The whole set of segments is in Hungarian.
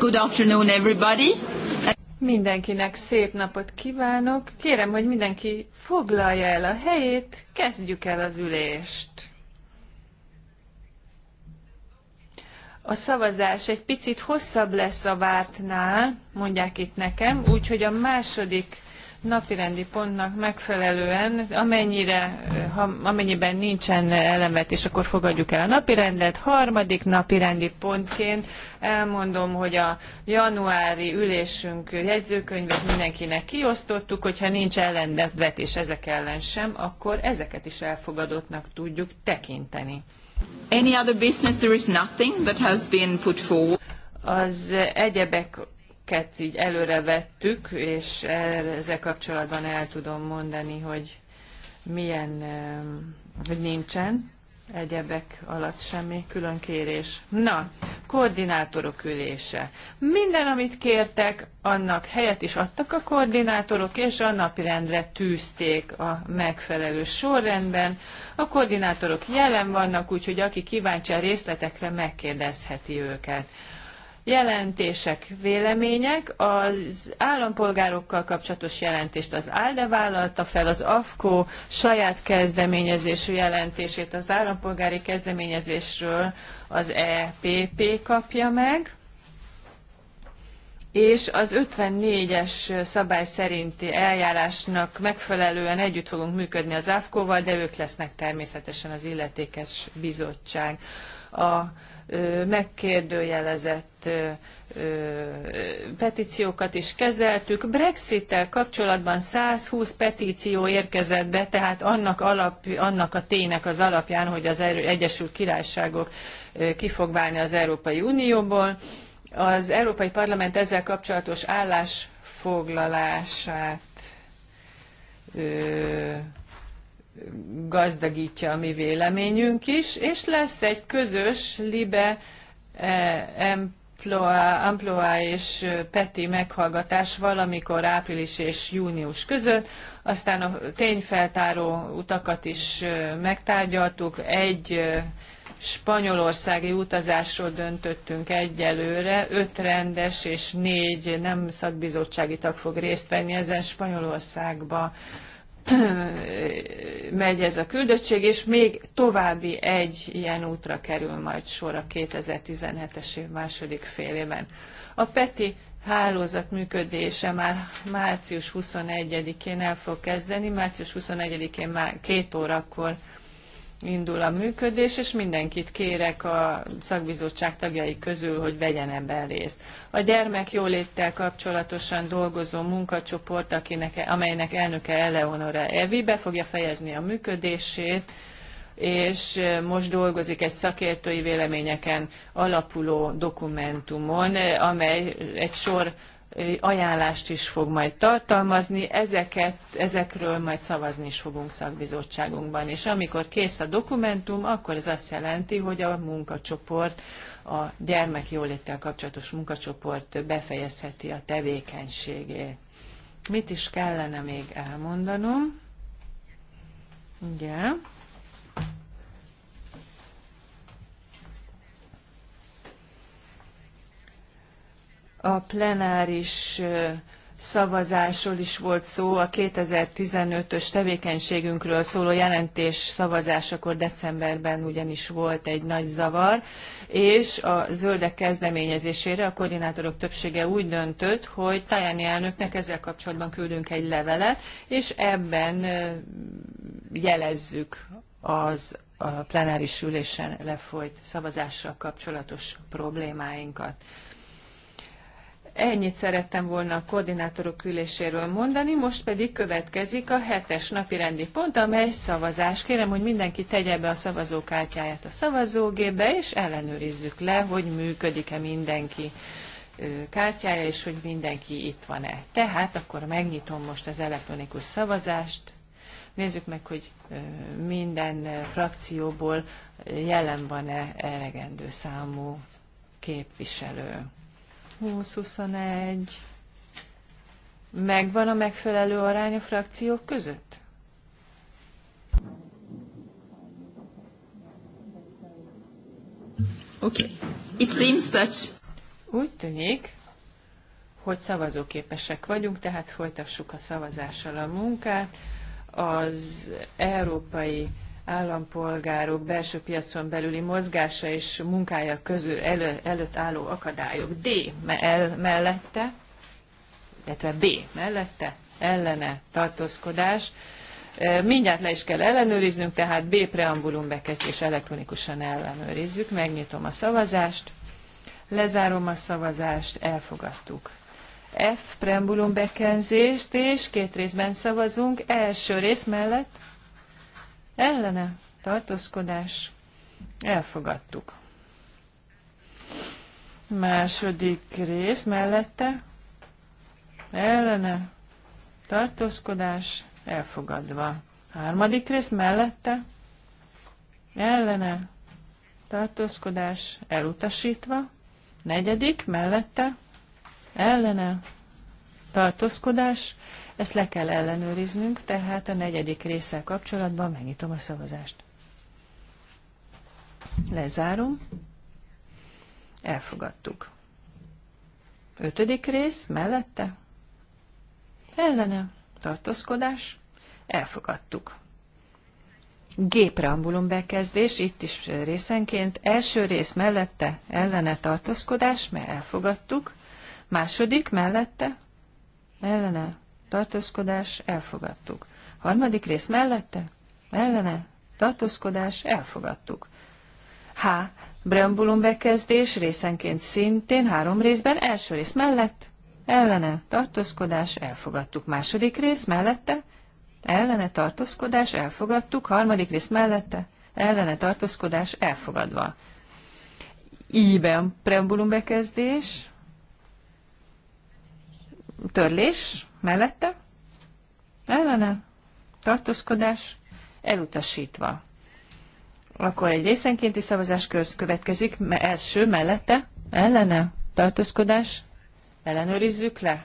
Good afternoon everybody. Mindenkinek szép napot kívánok. Kérem, hogy mindenki foglalja el a helyét, kezdjük el az ülést. A szavazás egy picit hosszabb lesz a vártnál, mondják itt nekem, úgyhogy a második napirendi pontnak megfelelően, amennyire, ha, amennyiben nincsen elemet, és akkor fogadjuk el a napirendet. Harmadik napirendi pontként elmondom, hogy a januári ülésünk jegyzőkönyvet mindenkinek kiosztottuk, hogyha nincs ellenvetés ezek ellen sem, akkor ezeket is elfogadottnak tudjuk tekinteni. Any other business there is nothing that has been put forward. Az egyebek amiket így előre vettük, és ezzel kapcsolatban el tudom mondani, hogy milyen, hogy nincsen egyebek alatt semmi külön kérés. Na, koordinátorok ülése. Minden, amit kértek, annak helyet is adtak a koordinátorok, és a napirendre tűzték a megfelelő sorrendben. A koordinátorok jelen vannak, úgyhogy aki kíváncsi a részletekre, megkérdezheti őket jelentések, vélemények. Az állampolgárokkal kapcsolatos jelentést az ALDE vállalta fel, az AFKO saját kezdeményezésű jelentését az állampolgári kezdeményezésről az EPP kapja meg és az 54-es szabály szerinti eljárásnak megfelelően együtt fogunk működni az AFKO-val, de ők lesznek természetesen az illetékes bizottság. A megkérdőjelezett petíciókat is kezeltük. Brexittel kapcsolatban 120 petíció érkezett be, tehát annak, alap, annak a ténynek az alapján, hogy az Egyesült Királyságok ki fog válni az Európai Unióból. Az Európai Parlament ezzel kapcsolatos állásfoglalását gazdagítja a mi véleményünk is, és lesz egy közös libe Amploa, eh, és Peti meghallgatás valamikor április és június között, aztán a tényfeltáró utakat is eh, megtárgyaltuk, egy eh, spanyolországi utazásról döntöttünk egyelőre, öt rendes és négy nem szakbizottsági tag fog részt venni ezen Spanyolországba megy ez a küldöttség, és még további egy ilyen útra kerül majd sor a 2017-es év második félében. A PETI hálózat működése már március 21-én el fog kezdeni, március 21-én már két órakor indul a működés, és mindenkit kérek a szakbizottság tagjai közül, hogy vegyen ebben részt. A gyermek jóléttel kapcsolatosan dolgozó munkacsoport, akinek, amelynek elnöke Eleonora Evi, be fogja fejezni a működését, és most dolgozik egy szakértői véleményeken alapuló dokumentumon, amely egy sor ajánlást is fog majd tartalmazni, ezeket, ezekről majd szavazni is fogunk szakbizottságunkban. És amikor kész a dokumentum, akkor ez azt jelenti, hogy a munkacsoport, a gyermekjóléttel kapcsolatos munkacsoport befejezheti a tevékenységét. Mit is kellene még elmondanom? Igen. A plenáris szavazásról is volt szó, a 2015-ös tevékenységünkről szóló jelentés szavazásakor decemberben ugyanis volt egy nagy zavar, és a zöldek kezdeményezésére a koordinátorok többsége úgy döntött, hogy Tajani elnöknek ezzel kapcsolatban küldünk egy levelet, és ebben jelezzük az a plenáris ülésen lefolyt szavazással kapcsolatos problémáinkat. Ennyit szerettem volna a koordinátorok üléséről mondani, most pedig következik a hetes napi rendi pont, amely szavazás. Kérem, hogy mindenki tegye be a szavazókártyáját a szavazógébe, és ellenőrizzük le, hogy működik-e mindenki kártyája, és hogy mindenki itt van-e. Tehát akkor megnyitom most az elektronikus szavazást. Nézzük meg, hogy minden frakcióból jelen van-e elegendő számú képviselő. 20-21 megvan a megfelelő arány a frakciók között? Okay. It seems that... Úgy tűnik, hogy szavazóképesek vagyunk, tehát folytassuk a szavazással a munkát. Az európai állampolgárok belső piacon belüli mozgása és munkája közül elő, előtt álló akadályok. D el, mellette, illetve B mellette, ellene tartózkodás. Mindjárt le is kell ellenőriznünk, tehát B preambulum bekezdés elektronikusan ellenőrizzük. Megnyitom a szavazást, lezárom a szavazást, elfogadtuk. F preambulum bekezdést, és két részben szavazunk. Első rész mellett ellene tartózkodás elfogadtuk. Második rész mellette ellene tartózkodás elfogadva. Harmadik rész mellette ellene tartózkodás elutasítva. Negyedik mellette ellene tartózkodás ezt le kell ellenőriznünk, tehát a negyedik résszel kapcsolatban megnyitom a szavazást. Lezárom. Elfogadtuk. Ötödik rész mellette. Ellene. Tartózkodás. Elfogadtuk. Gépreambulum bekezdés, itt is részenként. Első rész mellette ellene tartózkodás, mert elfogadtuk. Második mellette ellene tartózkodás, elfogadtuk. Harmadik rész mellette, ellene, tartózkodás, elfogadtuk. H. Preambulum bekezdés részenként szintén három részben, első rész mellett, ellene, tartózkodás, elfogadtuk. Második rész mellette, ellene, tartózkodás, elfogadtuk. Harmadik rész mellette, ellene, tartózkodás, elfogadva. Íben preambulum bekezdés, törlés mellette, ellene, tartózkodás, elutasítva. Akkor egy részenkénti szavazás következik, első mellette, ellene, tartózkodás, ellenőrizzük le.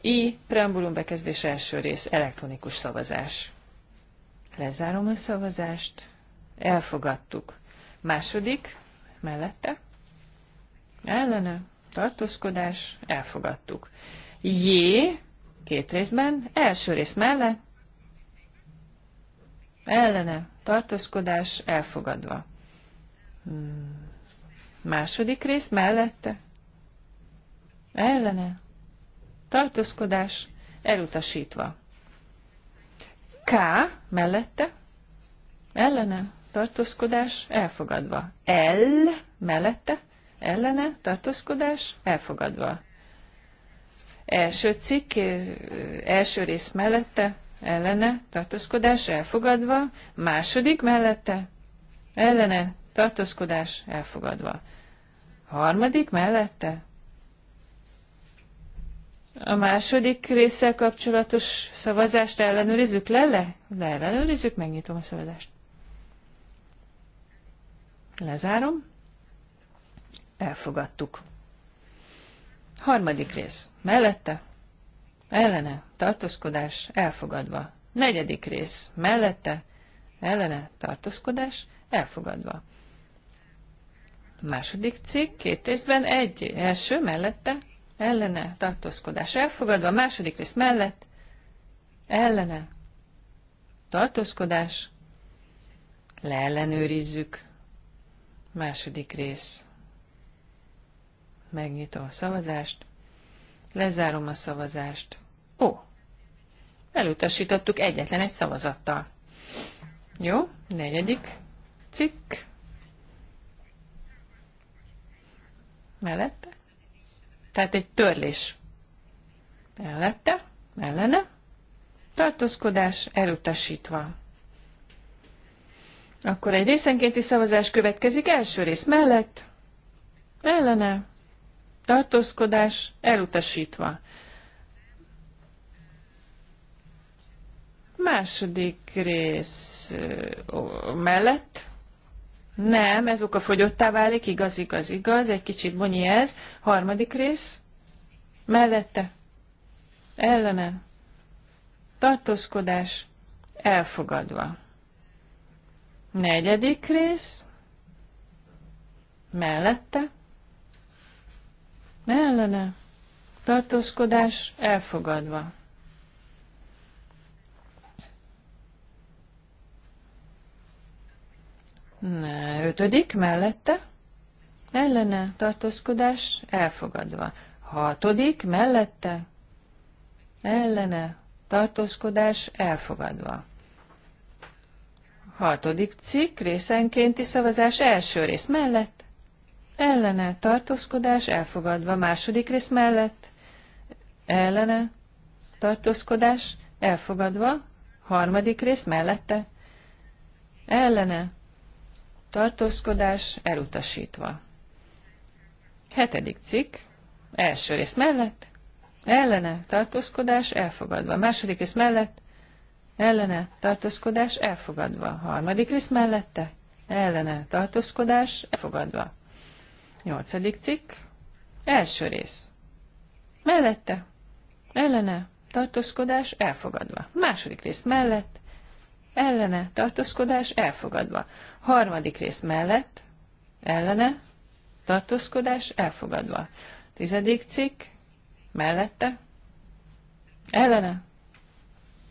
I. Preambulum bekezdés első rész, elektronikus szavazás. Lezárom a szavazást, elfogadtuk. Második, mellette, ellene, tartózkodás, elfogadtuk. J, két részben, első rész mellett, ellene, tartózkodás, elfogadva. Hmm. Második rész mellette, ellene, tartózkodás, elutasítva. K mellette, ellene, tartózkodás, elfogadva. L mellette, ellene, tartózkodás elfogadva. Első cikk, eh, első rész mellette, ellene, tartózkodás elfogadva, második mellette, ellene, tartózkodás elfogadva. Harmadik mellette, a második résszel kapcsolatos szavazást ellenőrizzük le, le? ellenőrizzük, megnyitom a szavazást. Lezárom elfogadtuk. Harmadik rész. Mellette, ellene, tartózkodás, elfogadva. Negyedik rész. Mellette, ellene, tartózkodás, elfogadva. Második cikk, két részben egy, első mellette, ellene, tartózkodás elfogadva, második rész mellett, ellene, tartózkodás, leellenőrizzük, második rész megnyitom a szavazást, lezárom a szavazást. Ó, elutasítottuk egyetlen egy szavazattal. Jó, negyedik cikk. Mellette. Tehát egy törlés. Mellette, ellene. Tartózkodás elutasítva. Akkor egy részenkénti szavazás következik első rész mellett, ellene, tartózkodás elutasítva. Második rész mellett nem, ez a fogyottá válik, igaz, igaz, igaz, egy kicsit bonyi ez. Harmadik rész mellette ellene tartózkodás elfogadva. Negyedik rész mellette ellene tartózkodás elfogadva. Ne, ötödik mellette ellene tartózkodás elfogadva. Hatodik mellette ellene tartózkodás elfogadva. Hatodik cikk részenkénti szavazás első rész mellett ellene tartózkodás elfogadva. Második rész mellett ellene tartózkodás elfogadva. Harmadik rész mellette ellene tartózkodás elutasítva. Hetedik cikk első rész mellett ellene tartózkodás elfogadva. Második rész mellett ellene tartózkodás elfogadva. Harmadik rész mellette ellene tartózkodás elfogadva. Nyolcadik cikk. Első rész. Mellette. Ellene. Tartózkodás elfogadva. Második rész mellett. Ellene. Tartózkodás elfogadva. Harmadik rész mellett. Ellene. Tartózkodás elfogadva. Tizedik cikk. Mellette. Ellene.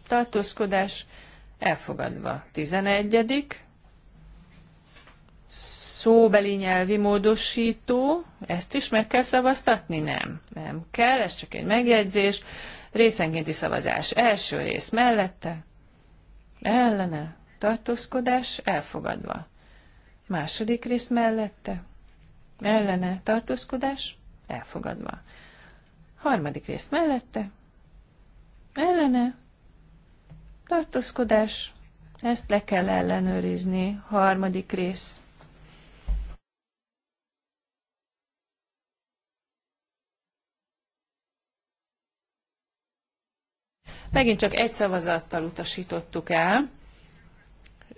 Tartózkodás elfogadva. Tizenegyedik szóbeli nyelvi módosító, ezt is meg kell szavaztatni? Nem, nem kell, ez csak egy megjegyzés. Részenkénti szavazás első rész mellette, ellene, tartózkodás elfogadva. Második rész mellette, ellene, tartózkodás elfogadva. Harmadik rész mellette, ellene, tartózkodás, ezt le kell ellenőrizni, harmadik rész megint csak egy szavazattal utasítottuk el,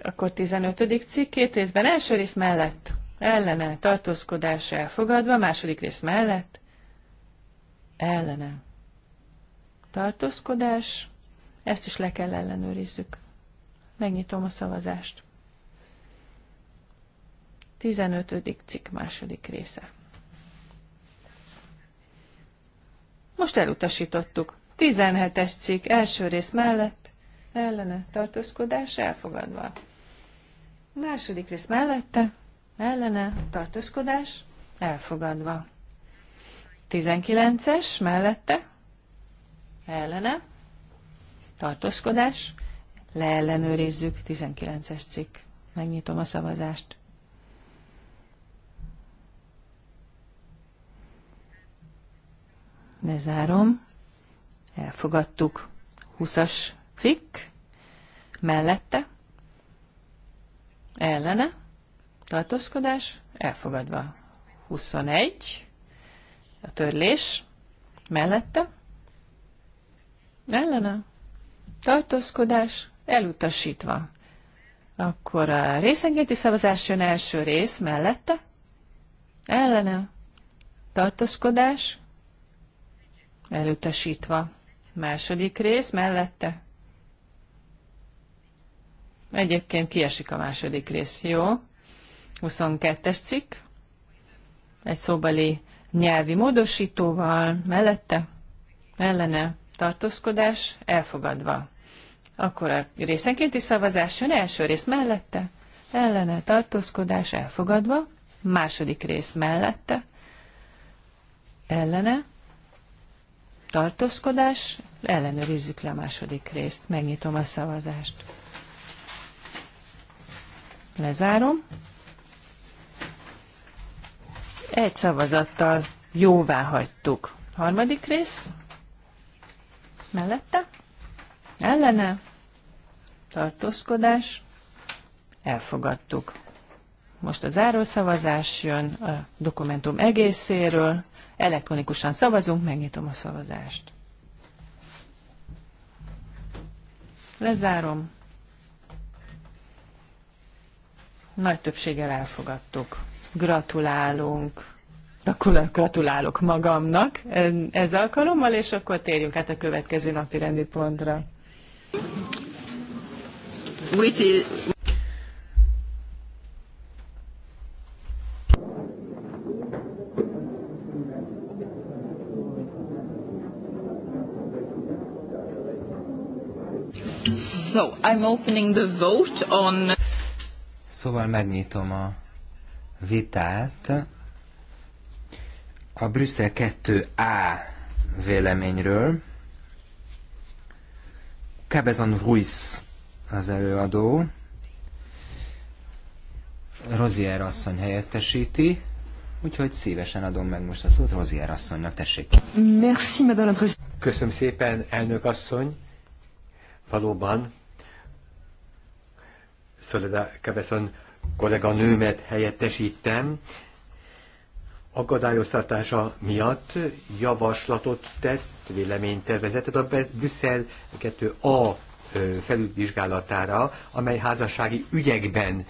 akkor 15. cikk, két részben első rész mellett, ellene, tartózkodás elfogadva, második rész mellett, ellene, tartózkodás, ezt is le kell ellenőrizzük. Megnyitom a szavazást. 15. cikk második része. Most elutasítottuk. 17-es cikk első rész mellett ellene tartózkodás elfogadva. Második rész mellette ellene tartózkodás elfogadva. 19-es mellette ellene tartózkodás leellenőrizzük 19-es cikk. Megnyitom a szavazást. Lezárom. Elfogadtuk. 20-as cikk. Mellette. Ellene. Tartózkodás. Elfogadva. 21. A törlés. Mellette. Ellene. Tartózkodás. Elutasítva. Akkor a részengéti szavazás jön első rész mellette. Ellene. Tartózkodás. Elutasítva. Második rész mellette. Egyébként kiesik a második rész, jó? 22-es cikk. Egy szóbeli nyelvi módosítóval mellette, ellene tartózkodás elfogadva. Akkor a részenkénti szavazás jön első rész mellette, ellene tartózkodás elfogadva, második rész mellette, ellene tartózkodás ellenőrizzük le a második részt. Megnyitom a szavazást. Lezárom. Egy szavazattal jóvá hagytuk. Harmadik rész. Mellette. Ellene. Tartózkodás. Elfogadtuk. Most a zárószavazás jön a dokumentum egészéről. Elektronikusan szavazunk, megnyitom a szavazást. Lezárom. Nagy többséggel elfogadtuk. Gratulálunk. Akkor gratulálok magamnak ez alkalommal, és akkor térjünk át a következő napi rendi pontra. Which is... So, I'm opening the vote on... Szóval megnyitom a vitát a Brüsszel 2A véleményről. Cabezon Ruiz az előadó. Rozier asszony helyettesíti, úgyhogy szívesen adom meg most a szót Rozier asszonynak, tessék. Merci, madame la Köszönöm szépen, elnök asszony. Valóban Szoleda Cabezon kolléganőmet helyettesítem, akadályoztatása miatt javaslatot tett, véleménytervezetet a Brüsszel 2A felülvizsgálatára, amely házassági ügyekben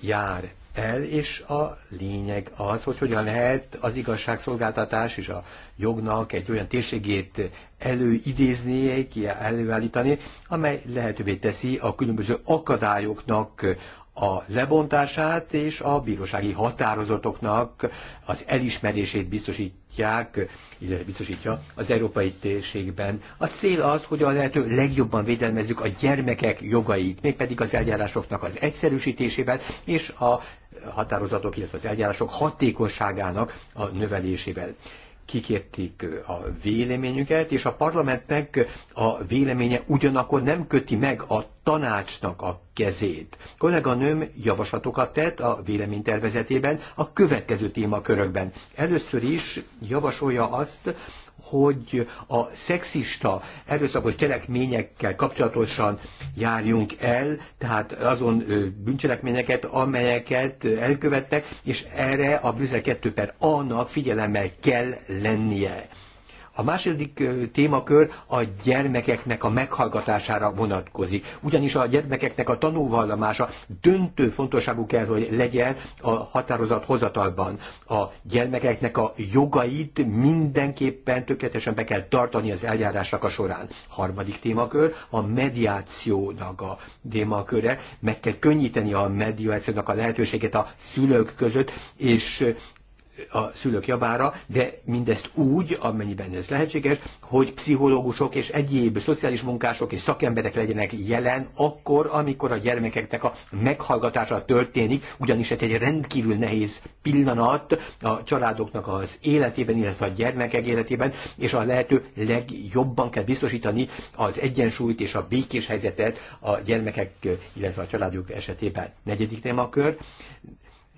jár el, és a lényeg az, hogy hogyan lehet az igazságszolgáltatás és a jognak egy olyan térségét előidézni, előállítani, amely lehetővé teszi a különböző akadályoknak a lebontását és a bírósági határozatoknak az elismerését biztosítják, illetve biztosítja az európai térségben. A cél az, hogy a lehető legjobban védelmezzük a gyermekek jogait, mégpedig az eljárásoknak az egyszerűsítésével és a határozatok, illetve az eljárások hatékonyságának a növelésével kikértik a véleményüket, és a parlamentnek a véleménye ugyanakkor nem köti meg a tanácsnak a kezét. Kolléganőm javaslatokat tett a véleménytervezetében a következő témakörökben. Először is javasolja azt, hogy a szexista erőszakos cselekményekkel kapcsolatosan járjunk el, tehát azon bűncselekményeket, amelyeket elkövettek, és erre a Brüsszel 2 per annak figyelemmel kell lennie. A második témakör a gyermekeknek a meghallgatására vonatkozik. Ugyanis a gyermekeknek a tanúvallomása döntő fontosságú kell, hogy legyen a határozat hozatalban. A gyermekeknek a jogait mindenképpen tökéletesen be kell tartani az eljárásnak a során. Harmadik témakör a mediációnak a témaköre. Meg kell könnyíteni a mediációnak a lehetőséget a szülők között, és a szülők javára, de mindezt úgy, amennyiben ez lehetséges, hogy pszichológusok és egyéb szociális munkások és szakemberek legyenek jelen akkor, amikor a gyermekeknek a meghallgatása történik, ugyanis ez egy rendkívül nehéz pillanat a családoknak az életében, illetve a gyermekek életében, és a lehető legjobban kell biztosítani az egyensúlyt és a békés helyzetet a gyermekek, illetve a családok esetében. Negyedik témakör,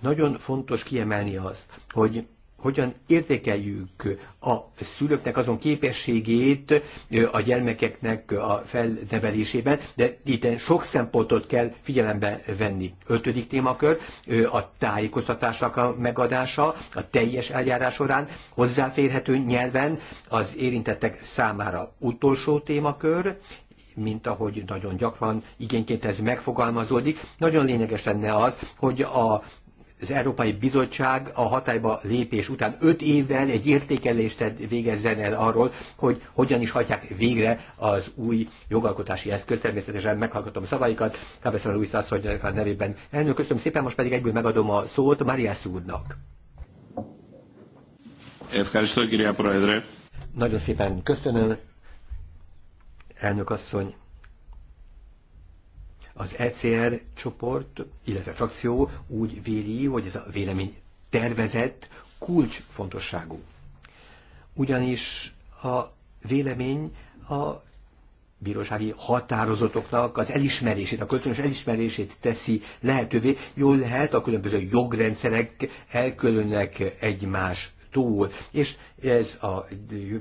nagyon fontos kiemelni azt, hogy hogyan értékeljük a szülőknek azon képességét a gyermekeknek a felnevelésében, de itt sok szempontot kell figyelembe venni. Ötödik témakör a tájékoztatásnak a megadása a teljes eljárás során hozzáférhető nyelven az érintettek számára. Utolsó témakör, mint ahogy nagyon gyakran igényként ez megfogalmazódik. Nagyon lényeges lenne az, hogy a az Európai Bizottság a hatályba lépés után öt évvel egy értékelést végezzen el arról, hogy hogyan is hagyják végre az új jogalkotási eszközt. Természetesen meghallgatom szavaikat, Kábeszal Luis asszonynak a nevében. Elnök, köszönöm szépen, most pedig egyből megadom a szót Mariász úrnak. Nagyon szépen köszönöm, elnök asszony. Az ECR csoport, illetve frakció úgy véli, hogy ez a vélemény tervezett kulcsfontosságú. Ugyanis a vélemény a bírósági határozatoknak az elismerését, a kölcsönös elismerését teszi lehetővé. Jól lehet, a különböző jogrendszerek elkülönnek egymástól. És ez a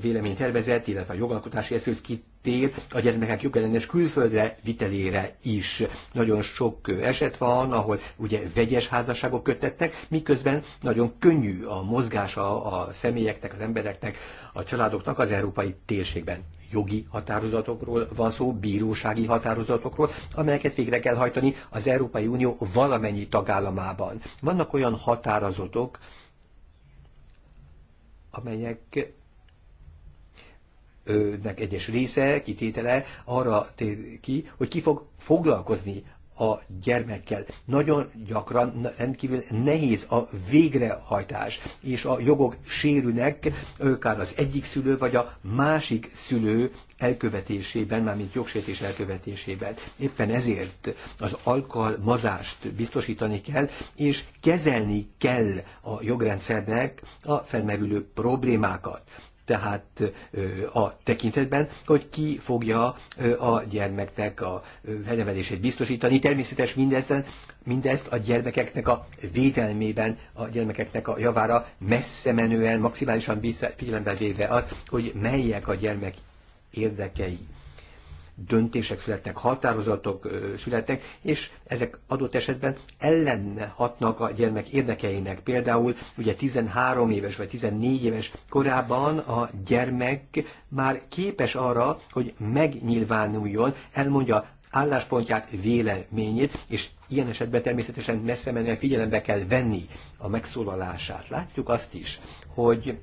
véleménytervezet, illetve a jogalkotási eszköz tér a gyermekek jogellenes külföldre vitelére is. Nagyon sok eset van, ahol ugye vegyes házasságok kötettek, miközben nagyon könnyű a mozgása a személyeknek, az embereknek, a családoknak az európai térségben jogi határozatokról van szó, bírósági határozatokról, amelyeket végre kell hajtani az Európai Unió valamennyi tagállamában. Vannak olyan határozatok, amelyek nek egyes része, kitétele arra tér ki, hogy ki fog foglalkozni a gyermekkel. Nagyon gyakran rendkívül nehéz a végrehajtás, és a jogok sérülnek, akár az egyik szülő, vagy a másik szülő elkövetésében, mármint jogsértés elkövetésében. Éppen ezért az alkalmazást biztosítani kell, és kezelni kell a jogrendszernek a felmerülő problémákat tehát a tekintetben, hogy ki fogja a gyermeknek a nevelését biztosítani. Természetes mindezt, mindezt a gyermekeknek a védelmében, a gyermekeknek a javára messze menően, maximálisan figyelembe véve az, hogy melyek a gyermek érdekei döntések születnek, határozatok születnek, és ezek adott esetben ellenne hatnak a gyermek érdekeinek. Például ugye 13 éves vagy 14 éves korában a gyermek már képes arra, hogy megnyilvánuljon, elmondja álláspontját, véleményét, és ilyen esetben természetesen messze menően figyelembe kell venni a megszólalását. Látjuk azt is, hogy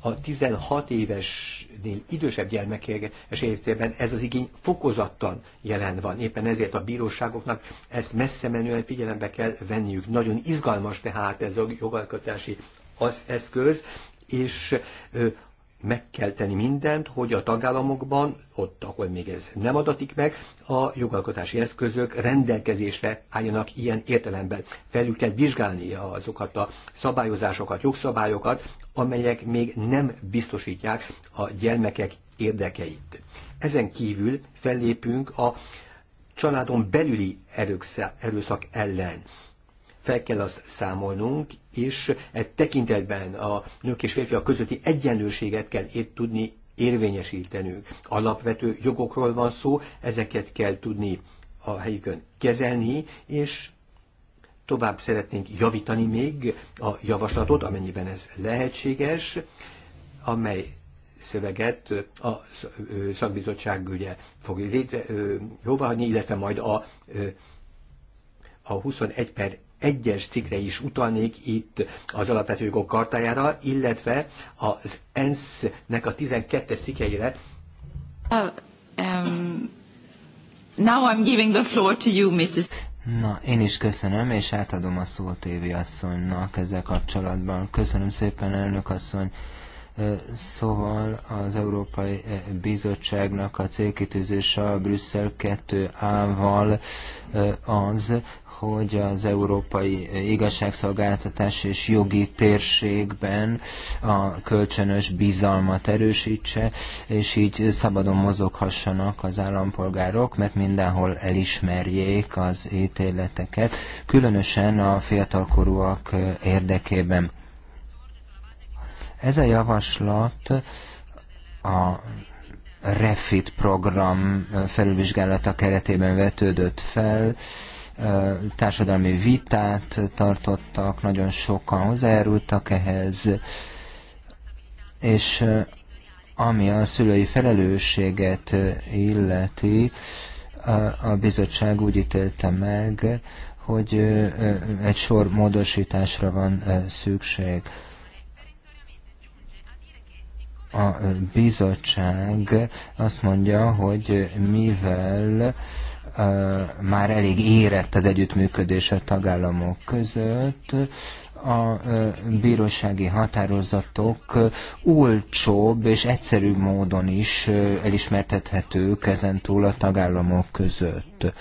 a 16 évesnél idősebb gyermekek esetében ez az igény fokozattan jelen van. Éppen ezért a bíróságoknak ezt messze menően figyelembe kell venniük. Nagyon izgalmas tehát ez a jogalkotási az eszköz, és meg kell tenni mindent, hogy a tagállamokban, ott, ahol még ez nem adatik meg, a jogalkotási eszközök rendelkezésre álljanak ilyen értelemben. Felül kell vizsgálni azokat a szabályozásokat, jogszabályokat, amelyek még nem biztosítják a gyermekek érdekeit. Ezen kívül fellépünk a családon belüli erőszak ellen fel kell azt számolnunk, és e tekintetben a nők és férfiak közötti egyenlőséget kell itt tudni érvényesítenünk. Alapvető jogokról van szó, ezeket kell tudni a helyükön kezelni, és tovább szeretnénk javítani még a javaslatot, amennyiben ez lehetséges, amely szöveget a szakbizottság ugye fog létre, jóváhagyni, illetve majd a, a 21 per egyes cikre is utalnék itt az alapvető jogok kartájára, illetve az ENSZ-nek a 12 cikkeire. Uh, um, now I'm giving the floor to you, Mrs. Na, én is köszönöm, és átadom a szót Évi asszonynak ezzel kapcsolatban. Köszönöm szépen, elnök asszony. Szóval az Európai eh, Bizottságnak a célkitűzése a Brüsszel 2A-val az, hogy az európai igazságszolgáltatás és jogi térségben a kölcsönös bizalmat erősítse, és így szabadon mozoghassanak az állampolgárok, mert mindenhol elismerjék az ítéleteket, különösen a fiatalkorúak érdekében. Ez a javaslat a REFIT program felülvizsgálata keretében vetődött fel, társadalmi vitát tartottak, nagyon sokan hozzájárultak ehhez, és ami a szülői felelősséget illeti, a bizottság úgy ítélte meg, hogy egy sor módosításra van szükség. A bizottság azt mondja, hogy mivel már elég érett az együttműködés a tagállamok között, a bírósági határozatok olcsóbb és egyszerűbb módon is elismertethetők ezen túl a tagállamok között.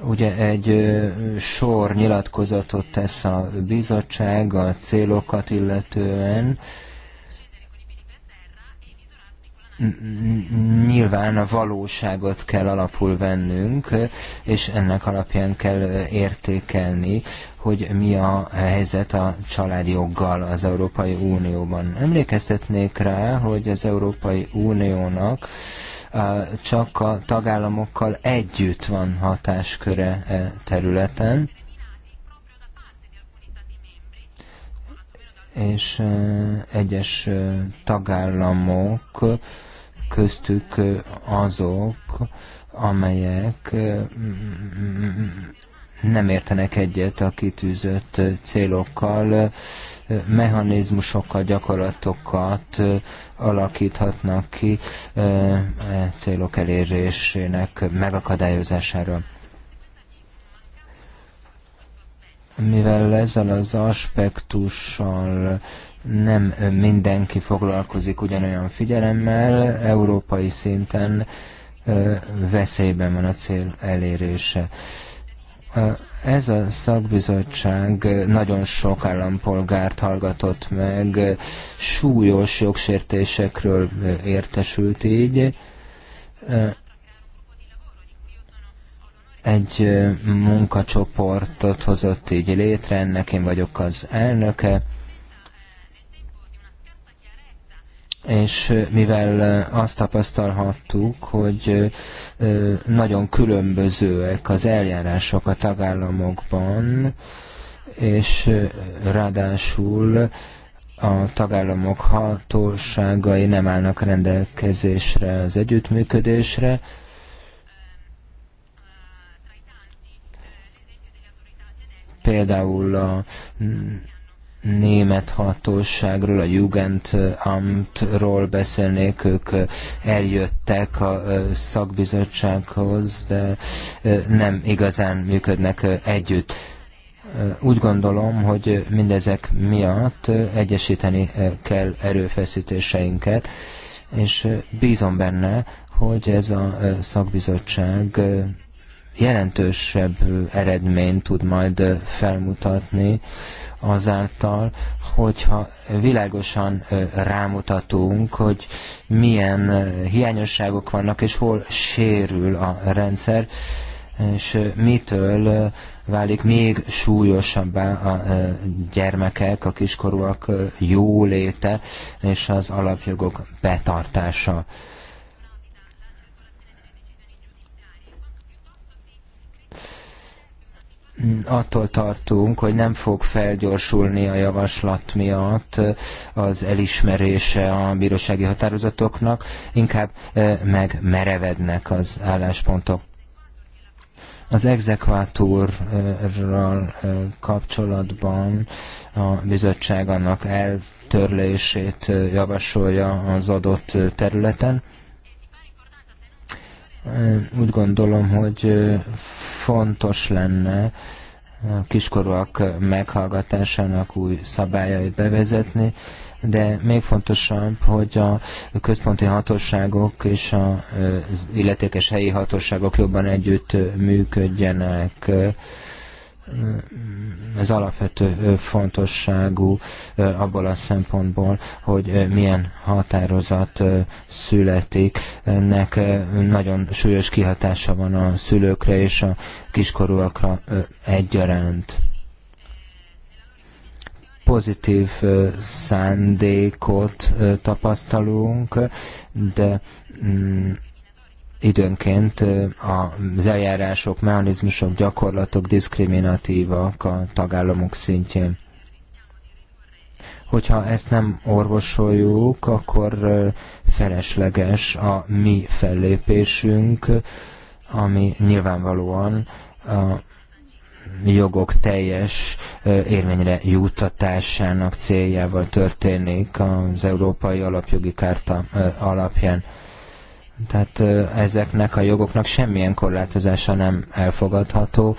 Ugye egy sor nyilatkozatot tesz a bizottság a célokat illetően, nyilván a valóságot kell alapul vennünk, és ennek alapján kell értékelni, hogy mi a helyzet a családjoggal az Európai Unióban. Emlékeztetnék rá, hogy az Európai Uniónak csak a tagállamokkal együtt van hatásköre e területen, és e, egyes e, tagállamok köztük azok, amelyek nem értenek egyet a kitűzött célokkal, mechanizmusokkal, gyakorlatokat alakíthatnak ki e célok elérésének megakadályozására. Mivel ezzel az aspektussal nem mindenki foglalkozik ugyanolyan figyelemmel, európai szinten veszélyben van a cél elérése. Ez a szakbizottság nagyon sok állampolgárt hallgatott meg, súlyos jogsértésekről értesült így. Egy munkacsoportot hozott így létre, ennek én vagyok az elnöke és mivel azt tapasztalhattuk, hogy nagyon különbözőek az eljárások a tagállamokban, és ráadásul a tagállamok hatóságai nem állnak rendelkezésre az együttműködésre, például a német hatóságról, a Jugendamtról beszélnék, ők eljöttek a szakbizottsághoz, de nem igazán működnek együtt. Úgy gondolom, hogy mindezek miatt egyesíteni kell erőfeszítéseinket, és bízom benne, hogy ez a szakbizottság jelentősebb eredményt tud majd felmutatni azáltal, hogyha világosan rámutatunk, hogy milyen hiányosságok vannak, és hol sérül a rendszer, és mitől válik még súlyosabbá a gyermekek, a kiskorúak jóléte és az alapjogok betartása. Mm, attól tartunk, hogy nem fog felgyorsulni a javaslat miatt az elismerése a bírósági határozatoknak, inkább megmerevednek az álláspontok. Az exekvátorral kapcsolatban a bizottság annak eltörlését javasolja az adott területen úgy gondolom, hogy fontos lenne a kiskorúak meghallgatásának új szabályait bevezetni, de még fontosabb, hogy a központi hatóságok és a illetékes helyi hatóságok jobban együtt működjenek ez alapvető fontosságú abból a szempontból, hogy milyen határozat születik. Ennek nagyon súlyos kihatása van a szülőkre és a kiskorúakra egyaránt pozitív szándékot tapasztalunk, de mm, időnként az eljárások, mechanizmusok, gyakorlatok diszkriminatívak a tagállamok szintjén. Hogyha ezt nem orvosoljuk, akkor felesleges a mi fellépésünk, ami nyilvánvalóan a jogok teljes érvényre juttatásának céljával történik az Európai Alapjogi Kárta alapján. Tehát ezeknek a jogoknak semmilyen korlátozása nem elfogadható.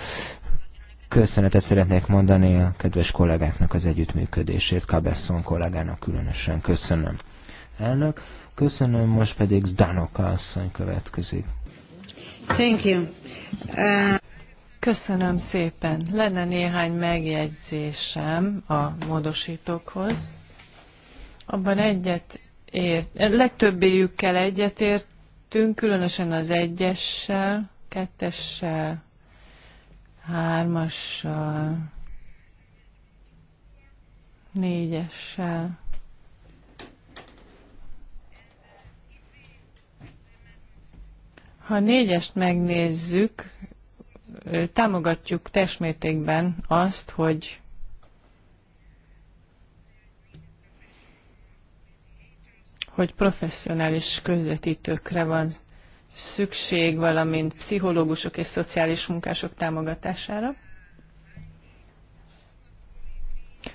Köszönetet szeretnék mondani a kedves kollégáknak az együttműködésért, Cabesson kollégának különösen köszönöm. Elnök, köszönöm, most pedig Zdanoka asszony következik. Thank you. Uh... Köszönöm szépen. Lenne néhány megjegyzésem a módosítókhoz. Abban egyet ért, legtöbbéjükkel egyetért tettünk, különösen az egyessel, kettessel, hármassal, négyessel. Ha négyest megnézzük, támogatjuk testmértékben azt, hogy hogy professzionális közvetítőkre van szükség, valamint pszichológusok és szociális munkások támogatására.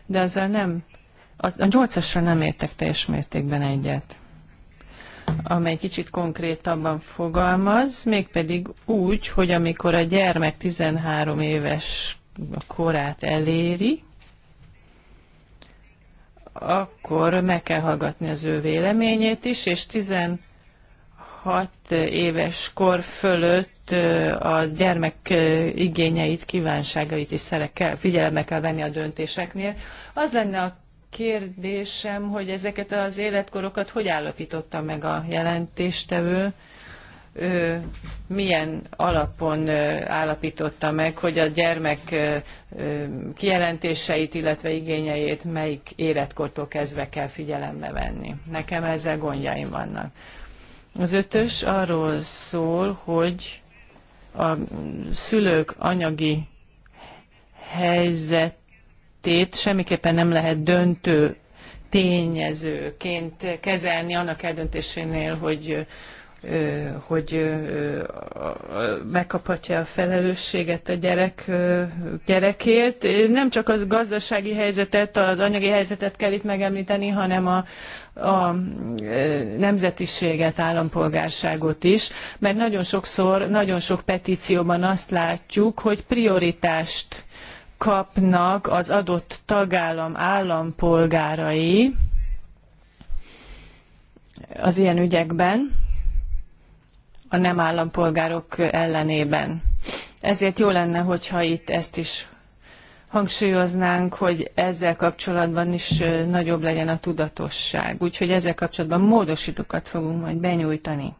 De azzal nem, az, a nyolcasra nem értek teljes mértékben egyet, amely kicsit konkrétabban fogalmaz, mégpedig úgy, hogy amikor a gyermek 13 éves korát eléri, akkor meg kell hallgatni az ő véleményét is, és 16 éves kor fölött a gyermek igényeit, kívánságait is kell, figyelembe kell venni a döntéseknél. Az lenne a kérdésem, hogy ezeket az életkorokat hogy állapította meg a jelentéstevő? milyen alapon állapította meg, hogy a gyermek kijelentéseit, illetve igényeit melyik életkortól kezdve kell figyelembe venni. Nekem ezzel gondjaim vannak. Az ötös arról szól, hogy a szülők anyagi helyzetét semmiképpen nem lehet döntő tényezőként kezelni annak eldöntésénél, hogy hogy megkaphatja a felelősséget a gyerek gyerekért. Nem csak az gazdasági helyzetet, az anyagi helyzetet kell itt megemlíteni, hanem a, a nemzetiséget, állampolgárságot is, mert nagyon sokszor, nagyon sok petícióban azt látjuk, hogy prioritást kapnak az adott tagállam állampolgárai az ilyen ügyekben, a nem állampolgárok ellenében. Ezért jó lenne, hogyha itt ezt is hangsúlyoznánk, hogy ezzel kapcsolatban is nagyobb legyen a tudatosság. Úgyhogy ezzel kapcsolatban módosítókat fogunk majd benyújtani.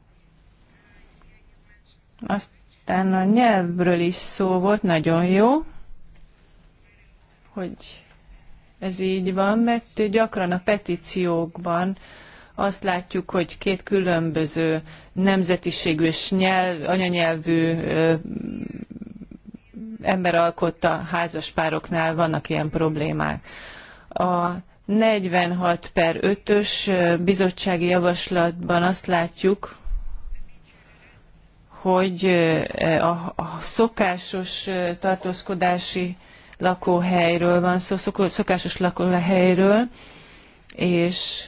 Aztán a nyelvről is szó volt, nagyon jó, hogy ez így van, mert gyakran a petíciókban azt látjuk, hogy két különböző nemzetiségű és nyelv, anyanyelvű ember alkotta házaspároknál vannak ilyen problémák. A 46 per 5-ös bizottsági javaslatban azt látjuk, hogy a szokásos tartózkodási lakóhelyről van szó, szokásos lakóhelyről, és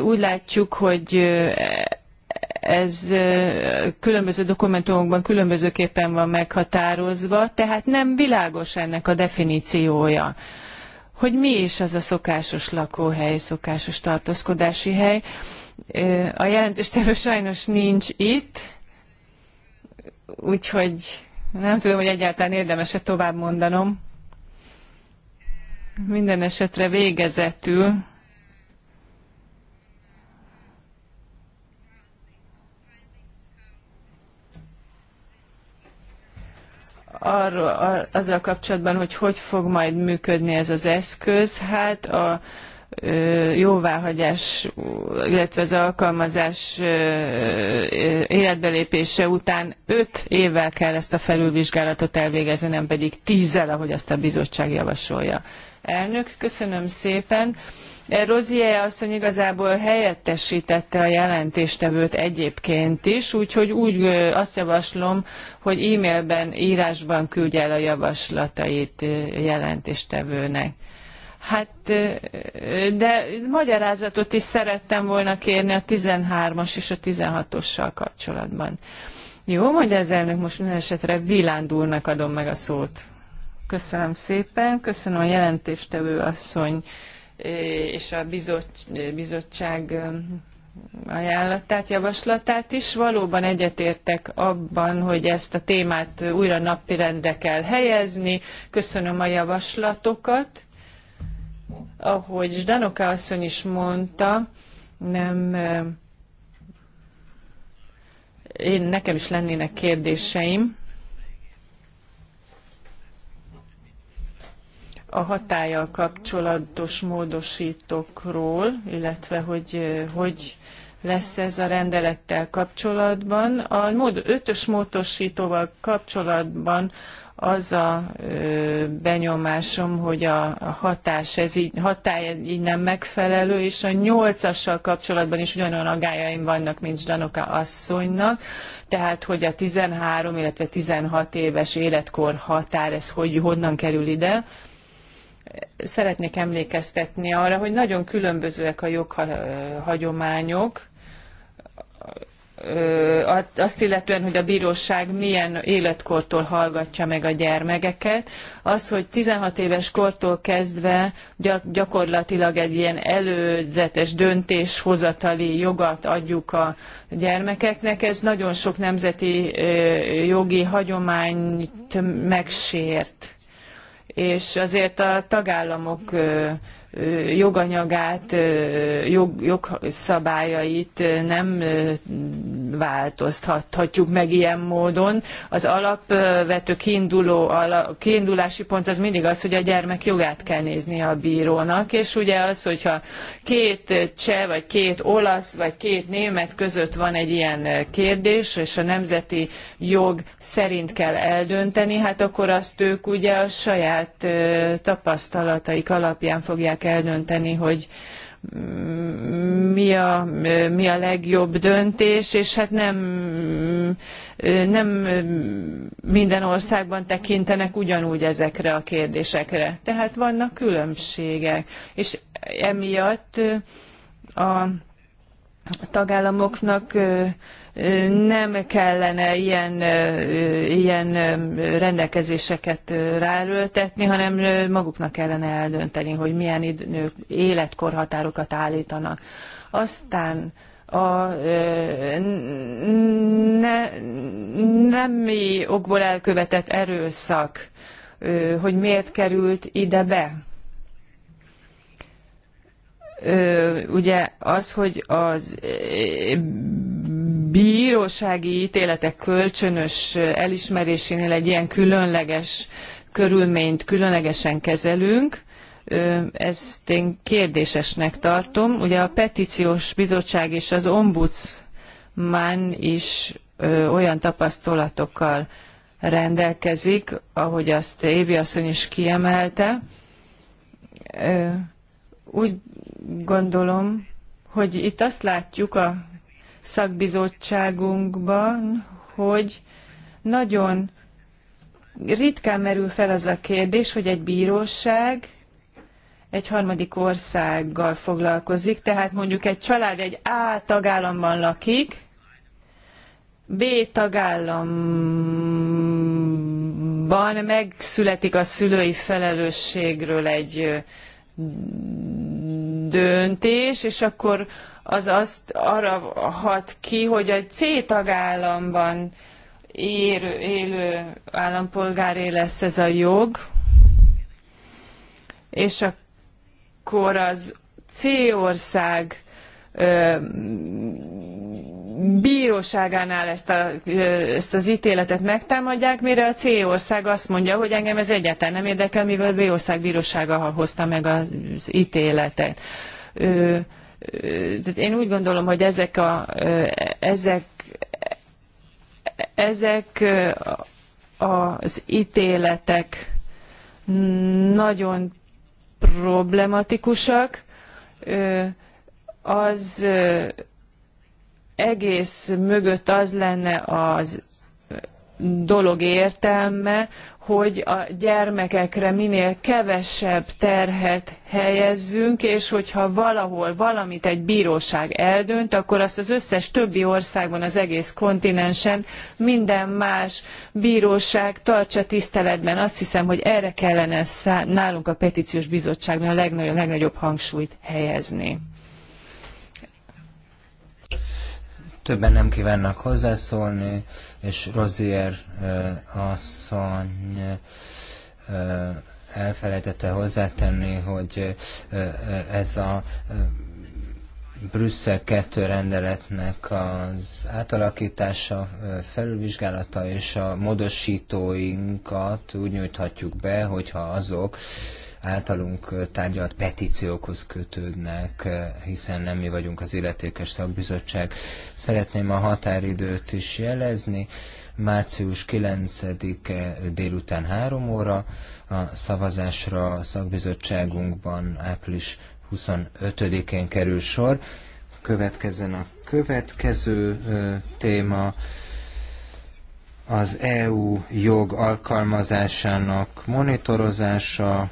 úgy látjuk, hogy ez különböző dokumentumokban különbözőképpen van meghatározva, tehát nem világos ennek a definíciója hogy mi is az a szokásos lakóhely, szokásos tartózkodási hely. A jelentéstevő sajnos nincs itt, úgyhogy nem tudom, hogy egyáltalán érdemes-e tovább mondanom. Minden esetre végezetül arról, a, azzal kapcsolatban, hogy hogy fog majd működni ez az eszköz, hát a jóváhagyás, illetve az alkalmazás életbelépése után öt évvel kell ezt a felülvizsgálatot elvégezni, nem pedig tízzel, ahogy azt a bizottság javasolja. Elnök, köszönöm szépen. Rozier asszony igazából helyettesítette a jelentéstevőt egyébként is, úgyhogy úgy azt javaslom, hogy e-mailben, írásban küldje el a javaslatait jelentéstevőnek. Hát, de magyarázatot is szerettem volna kérni a 13-as és a 16-ossal kapcsolatban. Jó, mondja az elnök, most minden esetre Vilándúrnak adom meg a szót. Köszönöm szépen, köszönöm a jelentéstevő asszony és a bizottság ajánlatát, javaslatát is. Valóban egyetértek abban, hogy ezt a témát újra napirendre kell helyezni. Köszönöm a javaslatokat. Ahogy Zsdanoka asszony is mondta, nem én, nekem is lennének kérdéseim a hatája kapcsolatos módosítókról, illetve hogy, hogy lesz ez a rendelettel kapcsolatban. A mód, ötös módosítóval kapcsolatban az a ö, benyomásom, hogy a, a hatás, ez így, hatály így nem megfelelő, és a nyolcassal kapcsolatban is ugyanolyan agájaim vannak, mint Zsanoka asszonynak, tehát hogy a 13, illetve 16 éves életkor határ, ez hogy honnan kerül ide, szeretnék emlékeztetni arra, hogy nagyon különbözőek a joghagyományok, azt illetően, hogy a bíróság milyen életkortól hallgatja meg a gyermekeket. Az, hogy 16 éves kortól kezdve gyakorlatilag egy ilyen előzetes döntéshozatali jogat adjuk a gyermekeknek, ez nagyon sok nemzeti jogi hagyományt megsért és azért a tagállamok joganyagát, jog, jogszabályait nem változtathatjuk meg ilyen módon. Az alapvető kiinduló, kiindulási pont az mindig az, hogy a gyermek jogát kell nézni a bírónak, és ugye az, hogyha két cseh, vagy két olasz, vagy két német között van egy ilyen kérdés, és a nemzeti jog szerint kell eldönteni, hát akkor azt ők ugye a saját tapasztalataik alapján fogják dönteni, hogy mi a, mi a legjobb döntés, és hát nem, nem minden országban tekintenek ugyanúgy ezekre a kérdésekre. Tehát vannak különbségek, és emiatt a tagállamoknak nem kellene ilyen, ilyen rendelkezéseket ráerőltetni, hanem maguknak kellene eldönteni, hogy milyen idő, életkorhatárokat állítanak. Aztán a ne, mi okból elkövetett erőszak, hogy miért került ide be. Ugye az, hogy az bírósági ítéletek kölcsönös elismerésénél egy ilyen különleges körülményt különlegesen kezelünk, ezt én kérdésesnek tartom. Ugye a petíciós bizottság és az ombudsman is olyan tapasztalatokkal rendelkezik, ahogy azt Évi asszony is kiemelte. Úgy gondolom, hogy itt azt látjuk a szakbizottságunkban, hogy nagyon ritkán merül fel az a kérdés, hogy egy bíróság egy harmadik országgal foglalkozik, tehát mondjuk egy család egy A tagállamban lakik, B tagállamban megszületik a szülői felelősségről egy döntés, és akkor az azt arra hat ki, hogy a C tagállamban ér, élő állampolgáré lesz ez a jog, és akkor az C ország ö, bíróságánál ezt, a, ezt az ítéletet megtámadják, mire a C ország azt mondja, hogy engem ez egyáltalán nem érdekel, mivel B ország bírósága hozta meg az ítéletet. Ö, tehát én úgy gondolom, hogy ezek a, ezek, ezek az ítéletek nagyon problematikusak. Az egész mögött az lenne az dolog értelme, hogy a gyermekekre minél kevesebb terhet helyezzünk, és hogyha valahol valamit egy bíróság eldönt, akkor azt az összes többi országban, az egész kontinensen minden más bíróság tartsa tiszteletben. Azt hiszem, hogy erre kellene nálunk a petíciós bizottságban a legnagyobb, legnagyobb hangsúlyt helyezni. Többen nem kívánnak hozzászólni és Rozier eh, asszony eh, elfelejtette hozzátenni, hogy eh, ez a Brüsszel 2 rendeletnek az átalakítása, felülvizsgálata és a módosítóinkat úgy nyújthatjuk be, hogyha azok általunk tárgyalt petíciókhoz kötődnek, hiszen nem mi vagyunk az illetékes szakbizottság. Szeretném a határidőt is jelezni. Március 9-e délután 3 óra, a szavazásra a szakbizottságunkban április 25-én kerül sor. Következzen a következő ö, téma az EU jog alkalmazásának monitorozása,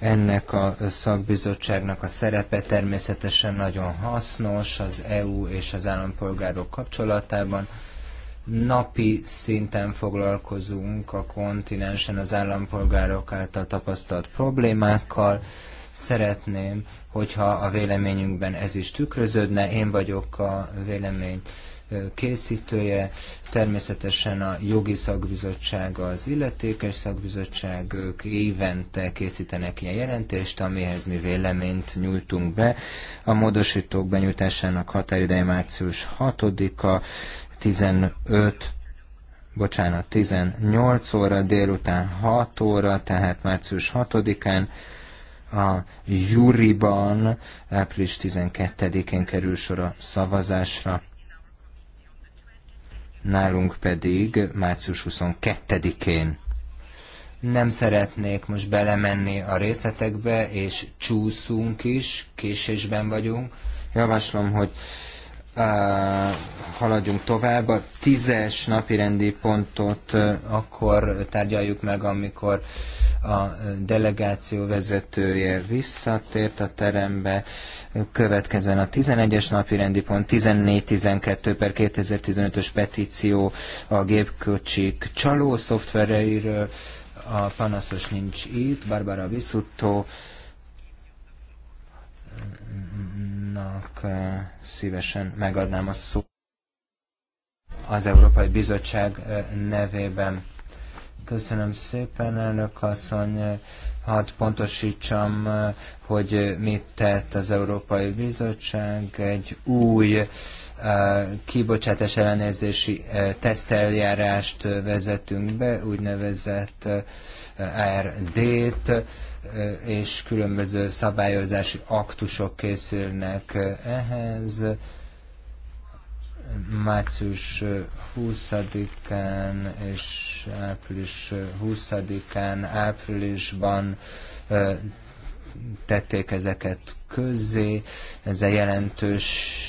ennek a szakbizottságnak a szerepe természetesen nagyon hasznos az EU és az állampolgárok kapcsolatában. Napi szinten foglalkozunk a kontinensen az állampolgárok által tapasztalt problémákkal. Szeretném, hogyha a véleményünkben ez is tükröződne. Én vagyok a vélemény készítője, természetesen a jogi szakbizottság az illetékes szakbizottság, ők évente készítenek ilyen jelentést, amihez mi véleményt nyújtunk be. A módosítók benyújtásának határideje március 6-a, 15 bocsánat, 18 óra, délután 6 óra, tehát március 6-án a Juriban április 12-én kerül sor a szavazásra nálunk pedig március 22-én. Nem szeretnék most belemenni a részletekbe, és csúszunk is, késésben vagyunk. Javaslom, hogy uh, haladjunk tovább. A tízes napi rendi pontot uh, akkor tárgyaljuk meg, amikor uh, a delegáció vezetője visszatért a terembe, következzen a 11-es napi rendi pont, 14-12 per 2015-ös petíció a gépkocsik csaló szoftvereiről, a panaszos nincs itt, Barbara Visutto, eh, szívesen megadnám a szót az Európai Bizottság eh, nevében. Köszönöm szépen, elnök asszony. Hadd pontosítsam, hogy mit tett az Európai Bizottság. Egy új eh, kibocsátás ellenőrzési eh, teszteljárást vezetünk be, úgynevezett eh, RD-t, és különböző szabályozási aktusok készülnek ehhez március 20-án eh, és április 20-án eh, áprilisban eh, tették ezeket közzé, Ez a jelentős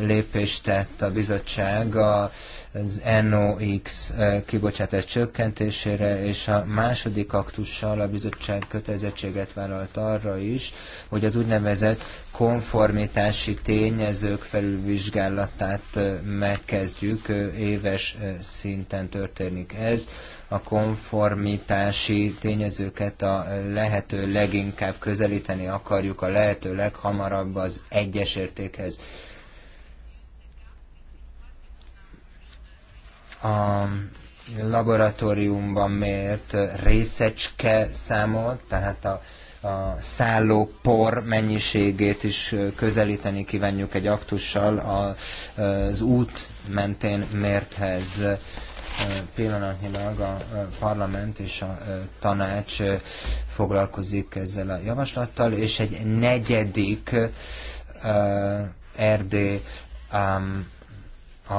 lépést tett a bizottság a az NOx eh, kibocsátás csökkentésére, és a második aktussal a bizottság kötelezettséget vállalt arra is, hogy az úgynevezett konformitási tényezők felülvizsgálatát eh, megkezdjük, eh, éves szinten történik ez. A konformitási tényezőket a lehető leginkább közelíteni akarjuk, a lehető leghamarabb az egyes értékhez a laboratóriumban mért részecske számot, tehát a, a szálló por mennyiségét is közelíteni kívánjuk egy aktussal az út mentén mérthez. Pillanatnyilag a parlament és a tanács foglalkozik ezzel a javaslattal, és egy negyedik erdély um,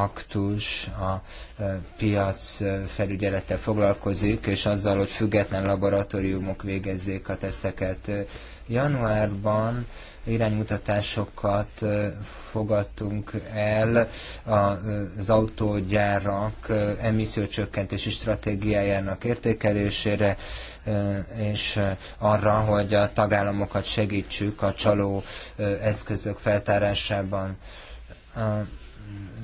aktus a e, piac e, felügyelettel foglalkozik, és azzal, hogy független laboratóriumok végezzék a teszteket. E, januárban iránymutatásokat fogadtunk el az autógyárak emissziócsökkentési stratégiájának értékelésére, és arra, hogy a tagállamokat segítsük a csaló eszközök feltárásában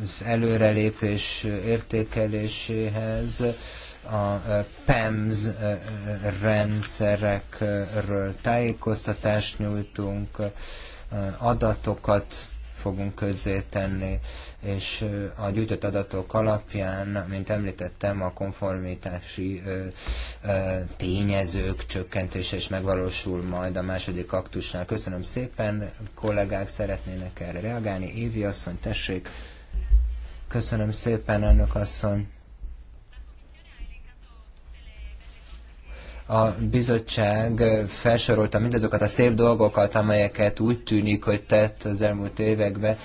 az előrelépés értékeléséhez a PEMS rendszerekről tájékoztatást nyújtunk, adatokat fogunk közzétenni, és a gyűjtött adatok alapján, mint említettem, a konformitási tényezők csökkentése is megvalósul majd a második aktusnál. Köszönöm szépen, kollégák szeretnének erre reagálni. Évi asszony, tessék! Köszönöm szépen, önök asszony. a bizottság felsorolta mindazokat a szép dolgokat, amelyeket úgy tűnik, hogy tett az elmúlt években,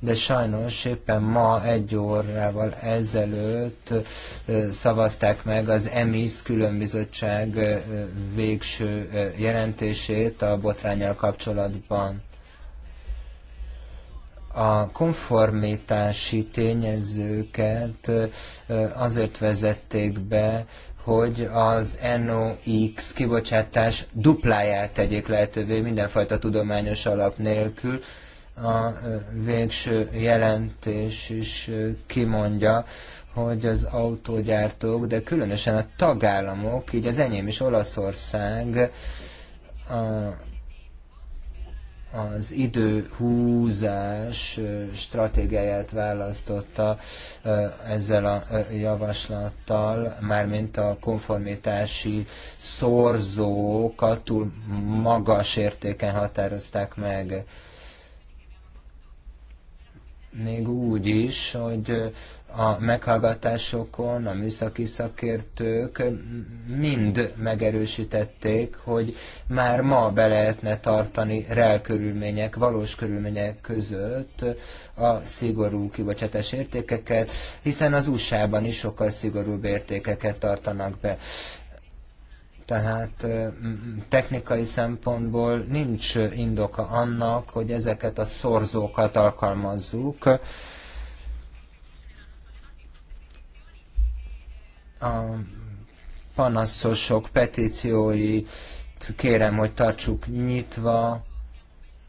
de sajnos éppen ma egy órával ezelőtt szavazták meg az EMIS különbizottság végső jelentését a botrányjal kapcsolatban a konformitási tényezőket azért vezették be, hogy az NOx kibocsátás dupláját tegyék lehetővé mindenfajta tudományos alap nélkül. A végső jelentés is kimondja, hogy az autógyártók, de különösen a tagállamok, így az enyém is Olaszország, a az időhúzás stratégiáját választotta ezzel a javaslattal, mármint a konformitási szorzókat túl magas értéken határozták meg. Még úgy is, hogy a meghallgatásokon a műszaki szakértők mind megerősítették, hogy már ma be lehetne tartani rel körülmények, valós körülmények között a szigorú kibocsátás értékeket, hiszen az USA-ban is sokkal szigorúbb értékeket tartanak be tehát mm, technikai szempontból nincs indoka annak, hogy ezeket a szorzókat alkalmazzuk, a panaszosok petícióit kérem, hogy tartsuk nyitva,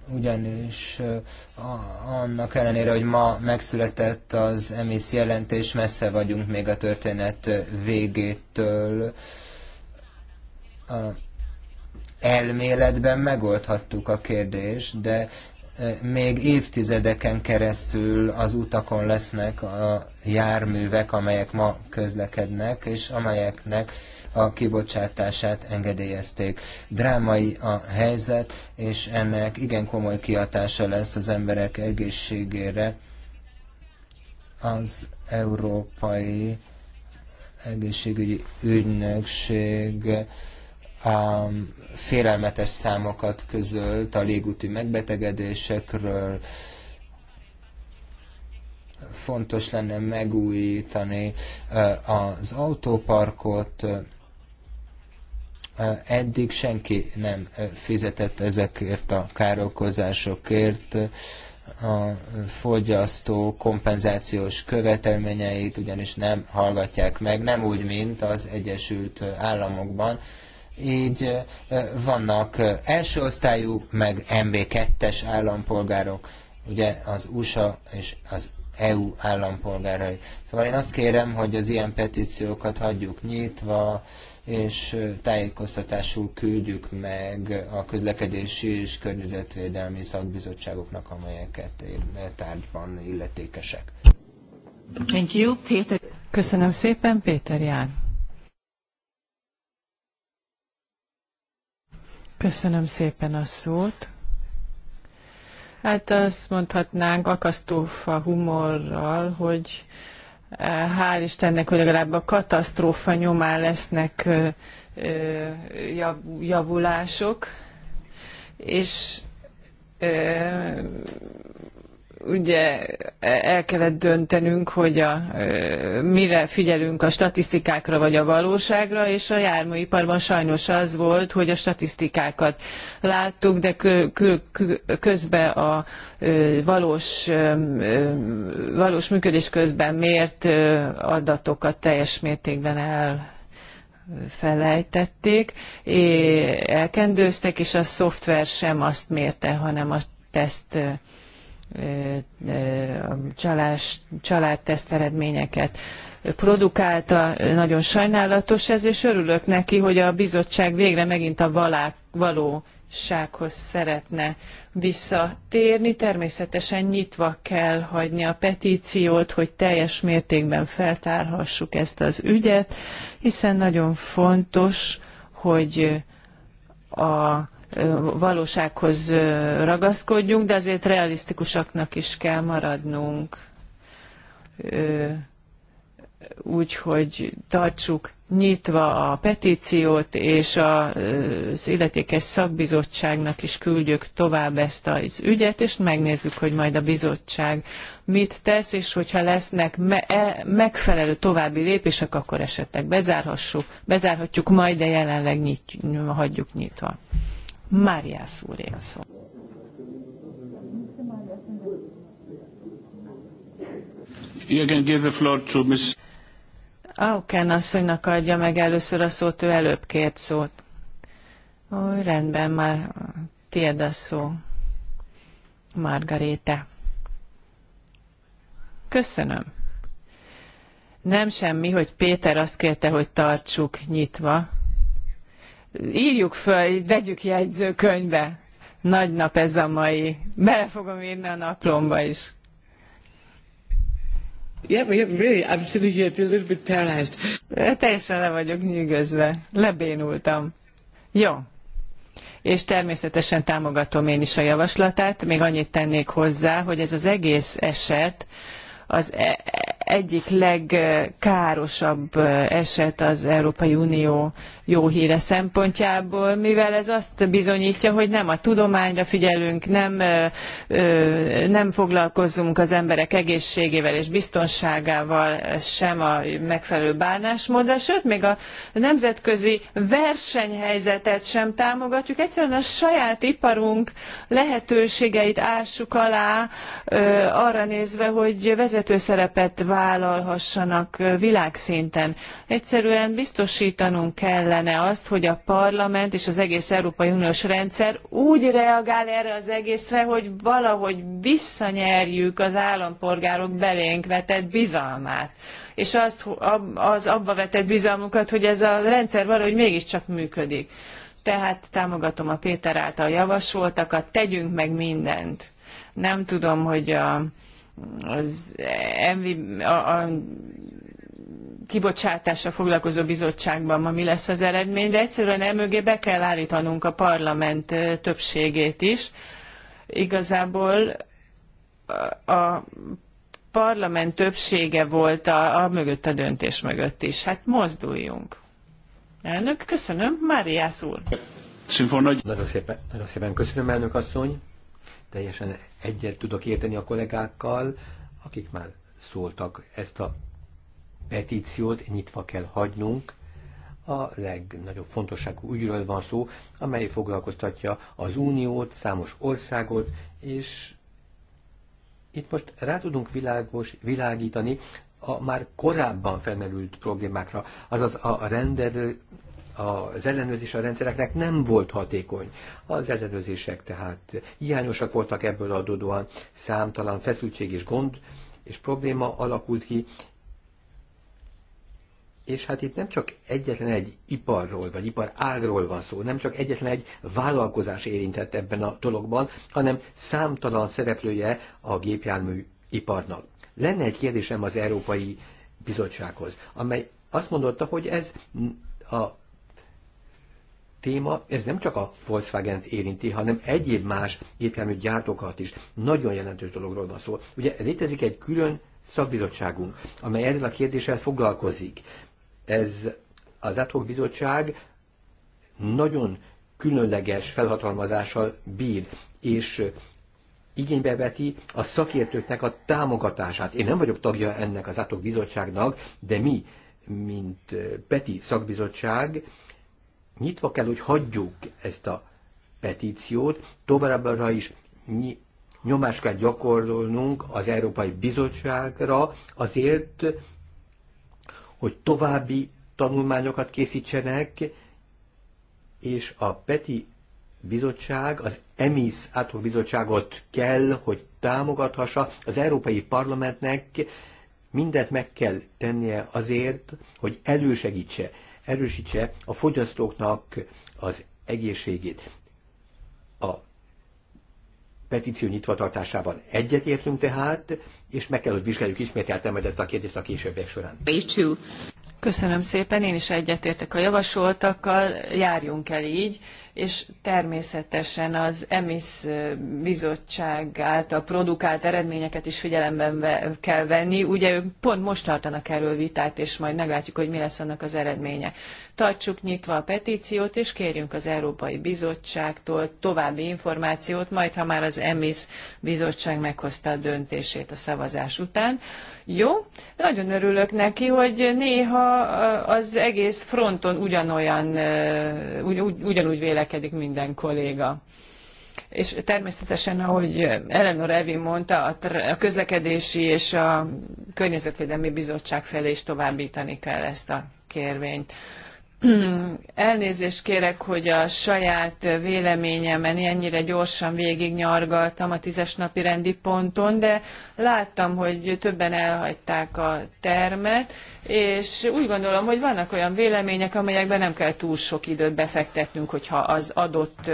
ugyanis annak ellenére, hogy ma megszületett az emész jelentés, messze vagyunk még a történet végétől. elméletben megoldhattuk a kérdést, de még évtizedeken keresztül az utakon lesznek a járművek, amelyek ma közlekednek, és amelyeknek a kibocsátását engedélyezték. Drámai a helyzet, és ennek igen komoly kihatása lesz az emberek egészségére. Az Európai Egészségügyi Ügynökség a félelmetes számokat közölt a légúti megbetegedésekről, fontos lenne megújítani az autóparkot, eddig senki nem fizetett ezekért a károkozásokért, a fogyasztó kompenzációs követelményeit ugyanis nem hallgatják meg, nem úgy, mint az Egyesült Államokban, így vannak első osztályú, meg MB2-es állampolgárok, ugye az USA és az EU állampolgárai. Szóval én azt kérem, hogy az ilyen petíciókat hagyjuk nyitva, és tájékoztatásul küldjük meg a közlekedési és környezetvédelmi szakbizottságoknak, amelyeket e tárgyban illetékesek. Thank you, Peter. Köszönöm szépen, Péter Ján. Köszönöm szépen a szót. Hát azt mondhatnánk akasztófa humorral, hogy eh, hál' Istennek, hogy legalább a katasztrófa nyomán lesznek eh, eh, javulások, és ugye el kellett döntenünk, hogy a, mire figyelünk a statisztikákra vagy a valóságra, és a járműiparban sajnos az volt, hogy a statisztikákat láttuk, de közben a valós, valós működés közben mért adatokat teljes mértékben el felejtették, elkendőztek, és a szoftver sem azt mérte, hanem a teszt csalás, családteszt eredményeket produkálta, nagyon sajnálatos ez, és örülök neki, hogy a bizottság végre megint a valá, valósághoz szeretne visszatérni. Természetesen nyitva kell hagyni a petíciót, hogy teljes mértékben feltárhassuk ezt az ügyet, hiszen nagyon fontos, hogy a valósághoz ragaszkodjunk, de azért realisztikusaknak is kell maradnunk. Úgyhogy tartsuk nyitva a petíciót, és az illetékes szakbizottságnak is küldjük tovább ezt az ügyet, és megnézzük, hogy majd a bizottság mit tesz, és hogyha lesznek me e, megfelelő további lépések, akkor esetleg bezárhassuk, bezárhatjuk, majd de jelenleg nyit hagyjuk nyitva. Maria Szúrélszó. You can give the floor to Ms. Auken asszonynak adja meg először a szót, ő előbb kért szót. Ó, rendben, már tiéd a szó, Margaréte. Köszönöm. Nem semmi, hogy Péter azt kérte, hogy tartsuk nyitva írjuk föl, vegyük jegyzőkönyvbe. Nagy nap ez a mai. Bele fogom írni a naplomba is. Yeah, yeah, really, I'm sitting here a little bit paralyzed. Teljesen le vagyok nyűgözve. Lebénultam. Jó. És természetesen támogatom én is a javaslatát. Még annyit tennék hozzá, hogy ez az egész eset az e- egyik legkárosabb eset az Európai Unió jó híre szempontjából, mivel ez azt bizonyítja, hogy nem a tudományra figyelünk, nem, nem foglalkozunk az emberek egészségével és biztonságával sem a megfelelő bánásmóddal, sőt, még a nemzetközi versenyhelyzetet sem támogatjuk, egyszerűen a saját iparunk lehetőségeit ássuk alá arra nézve, hogy vezető szerepet vállal vállalhassanak világszinten. Egyszerűen biztosítanunk kellene azt, hogy a parlament és az egész Európai Uniós rendszer úgy reagál erre az egészre, hogy valahogy visszanyerjük az állampolgárok belénk vetett bizalmát. És azt, az abba vetett bizalmukat, hogy ez a rendszer valahogy mégiscsak működik. Tehát támogatom a Péter által javasoltakat, tegyünk meg mindent. Nem tudom, hogy a az MV, a, a kibocsátásra foglalkozó bizottságban ma mi lesz az eredmény, de egyszerűen emögé be kell állítanunk a parlament többségét is. Igazából a parlament többsége volt a, a mögött a döntés mögött is. Hát mozduljunk. Elnök, köszönöm. Máriász úr. Nagyon szépen, nagyon szépen köszönöm, elnök asszony teljesen egyet tudok érteni a kollégákkal, akik már szóltak, ezt a petíciót nyitva kell hagynunk. A legnagyobb fontosságú ügyről van szó, amely foglalkoztatja az uniót, számos országot, és itt most rá tudunk világos, világítani a már korábban felmerült problémákra, azaz a rendelő, az ellenőrzés a rendszereknek nem volt hatékony. Az ellenőrzések tehát hiányosak voltak ebből adódóan, számtalan feszültség és gond és probléma alakult ki, és hát itt nem csak egyetlen egy iparról, vagy iparágról van szó, nem csak egyetlen egy vállalkozás érintett ebben a dologban, hanem számtalan szereplője a gépjármű iparnak. Lenne egy kérdésem az Európai Bizottsághoz, amely azt mondotta, hogy ez a téma, ez nem csak a volkswagen érinti, hanem egyéb más gépjármű gyártókat is. Nagyon jelentős dologról van szó. Ugye létezik egy külön szakbizottságunk, amely ezzel a kérdéssel foglalkozik. Ez az Atok Bizottság nagyon különleges felhatalmazással bír, és igénybe veti a szakértőknek a támogatását. Én nem vagyok tagja ennek az Atok bizottságnak, de mi, mint Peti szakbizottság, nyitva kell, hogy hagyjuk ezt a petíciót, továbbra is nyomást kell gyakorolnunk az Európai Bizottságra azért, hogy további tanulmányokat készítsenek, és a PETI bizottság, az EMIS átok bizottságot kell, hogy támogathassa. Az Európai Parlamentnek mindent meg kell tennie azért, hogy elősegítse erősítse a fogyasztóknak az egészségét. A petíció nyitvatartásában egyetértünk tehát, és meg kell, hogy vizsgáljuk ismételten majd ezt a kérdést a későbbiek során. Köszönöm szépen, én is egyetértek a javasoltakkal, járjunk el így, és természetesen az EMIS bizottság által produkált eredményeket is figyelemben kell venni. Ugye ők pont most tartanak erről vitát, és majd meglátjuk, hogy mi lesz annak az eredménye. Tartsuk nyitva a petíciót, és kérjünk az Európai Bizottságtól további információt, majd ha már az EMIS bizottság meghozta a döntését a szavazás után jó, nagyon örülök neki, hogy néha az egész fronton ugyanolyan, ugy, ugyanúgy vélekedik minden kolléga. És természetesen, ahogy Eleanor Evi mondta, a közlekedési és a környezetvédelmi bizottság felé is továbbítani kell ezt a kérvényt. Elnézést kérek, hogy a saját véleményemen ennyire gyorsan végignyargaltam a tízes napi rendi ponton, de láttam, hogy többen elhagyták a termet, és úgy gondolom, hogy vannak olyan vélemények, amelyekben nem kell túl sok időt befektetnünk, hogyha az adott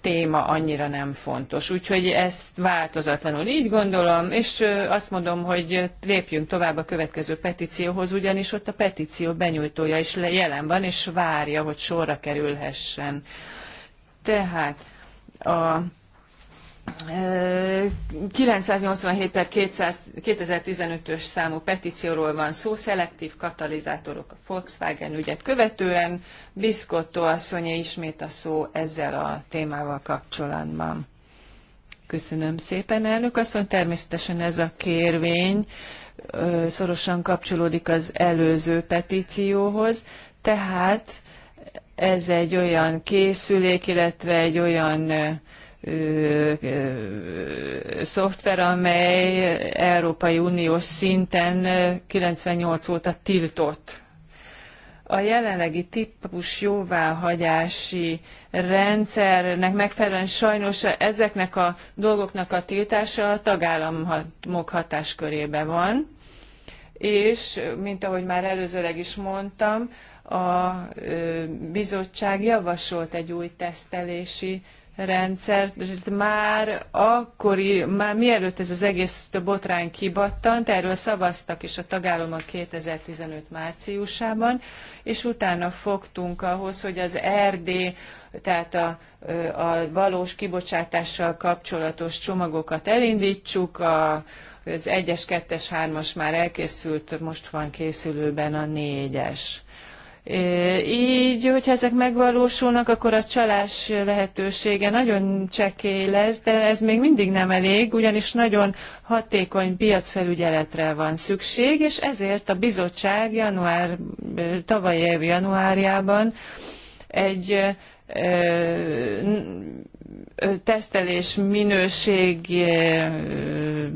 téma annyira nem fontos. Úgyhogy ezt változatlanul így gondolom, és azt mondom, hogy lépjünk tovább a következő petícióhoz, ugyanis ott a petíció benyújtója is jelen van, és várja, hogy sorra kerülhessen. Tehát a 987 per 2015-ös számú petícióról van szó, szelektív katalizátorok a Volkswagen ügyet követően. Biszkotto asszonyé ismét a szó ezzel a témával kapcsolatban. Köszönöm szépen, elnök asszony. Természetesen ez a kérvény szorosan kapcsolódik az előző petícióhoz, tehát ez egy olyan készülék, illetve egy olyan szoftver, amely Európai Uniós szinten 98 óta tiltott. A jelenlegi típus jóváhagyási rendszernek megfelelően sajnos ezeknek a dolgoknak a tiltása a tagállamok hatáskörébe van, és, mint ahogy már előzőleg is mondtam, a bizottság javasolt egy új tesztelési rendszert, és már akkor, már mielőtt ez az egész botrány kibattant, erről szavaztak is a tagállamok 2015 márciusában, és utána fogtunk ahhoz, hogy az RD, tehát a, a valós kibocsátással kapcsolatos csomagokat elindítsuk, a, az 1-es, 2-es, 3-as már elkészült, most van készülőben a 4-es így, hogyha ezek megvalósulnak, akkor a csalás lehetősége nagyon csekély lesz, de ez még mindig nem elég, ugyanis nagyon hatékony piacfelügyeletre van szükség, és ezért a bizottság január, tavalyi év januárjában egy tesztelés minőség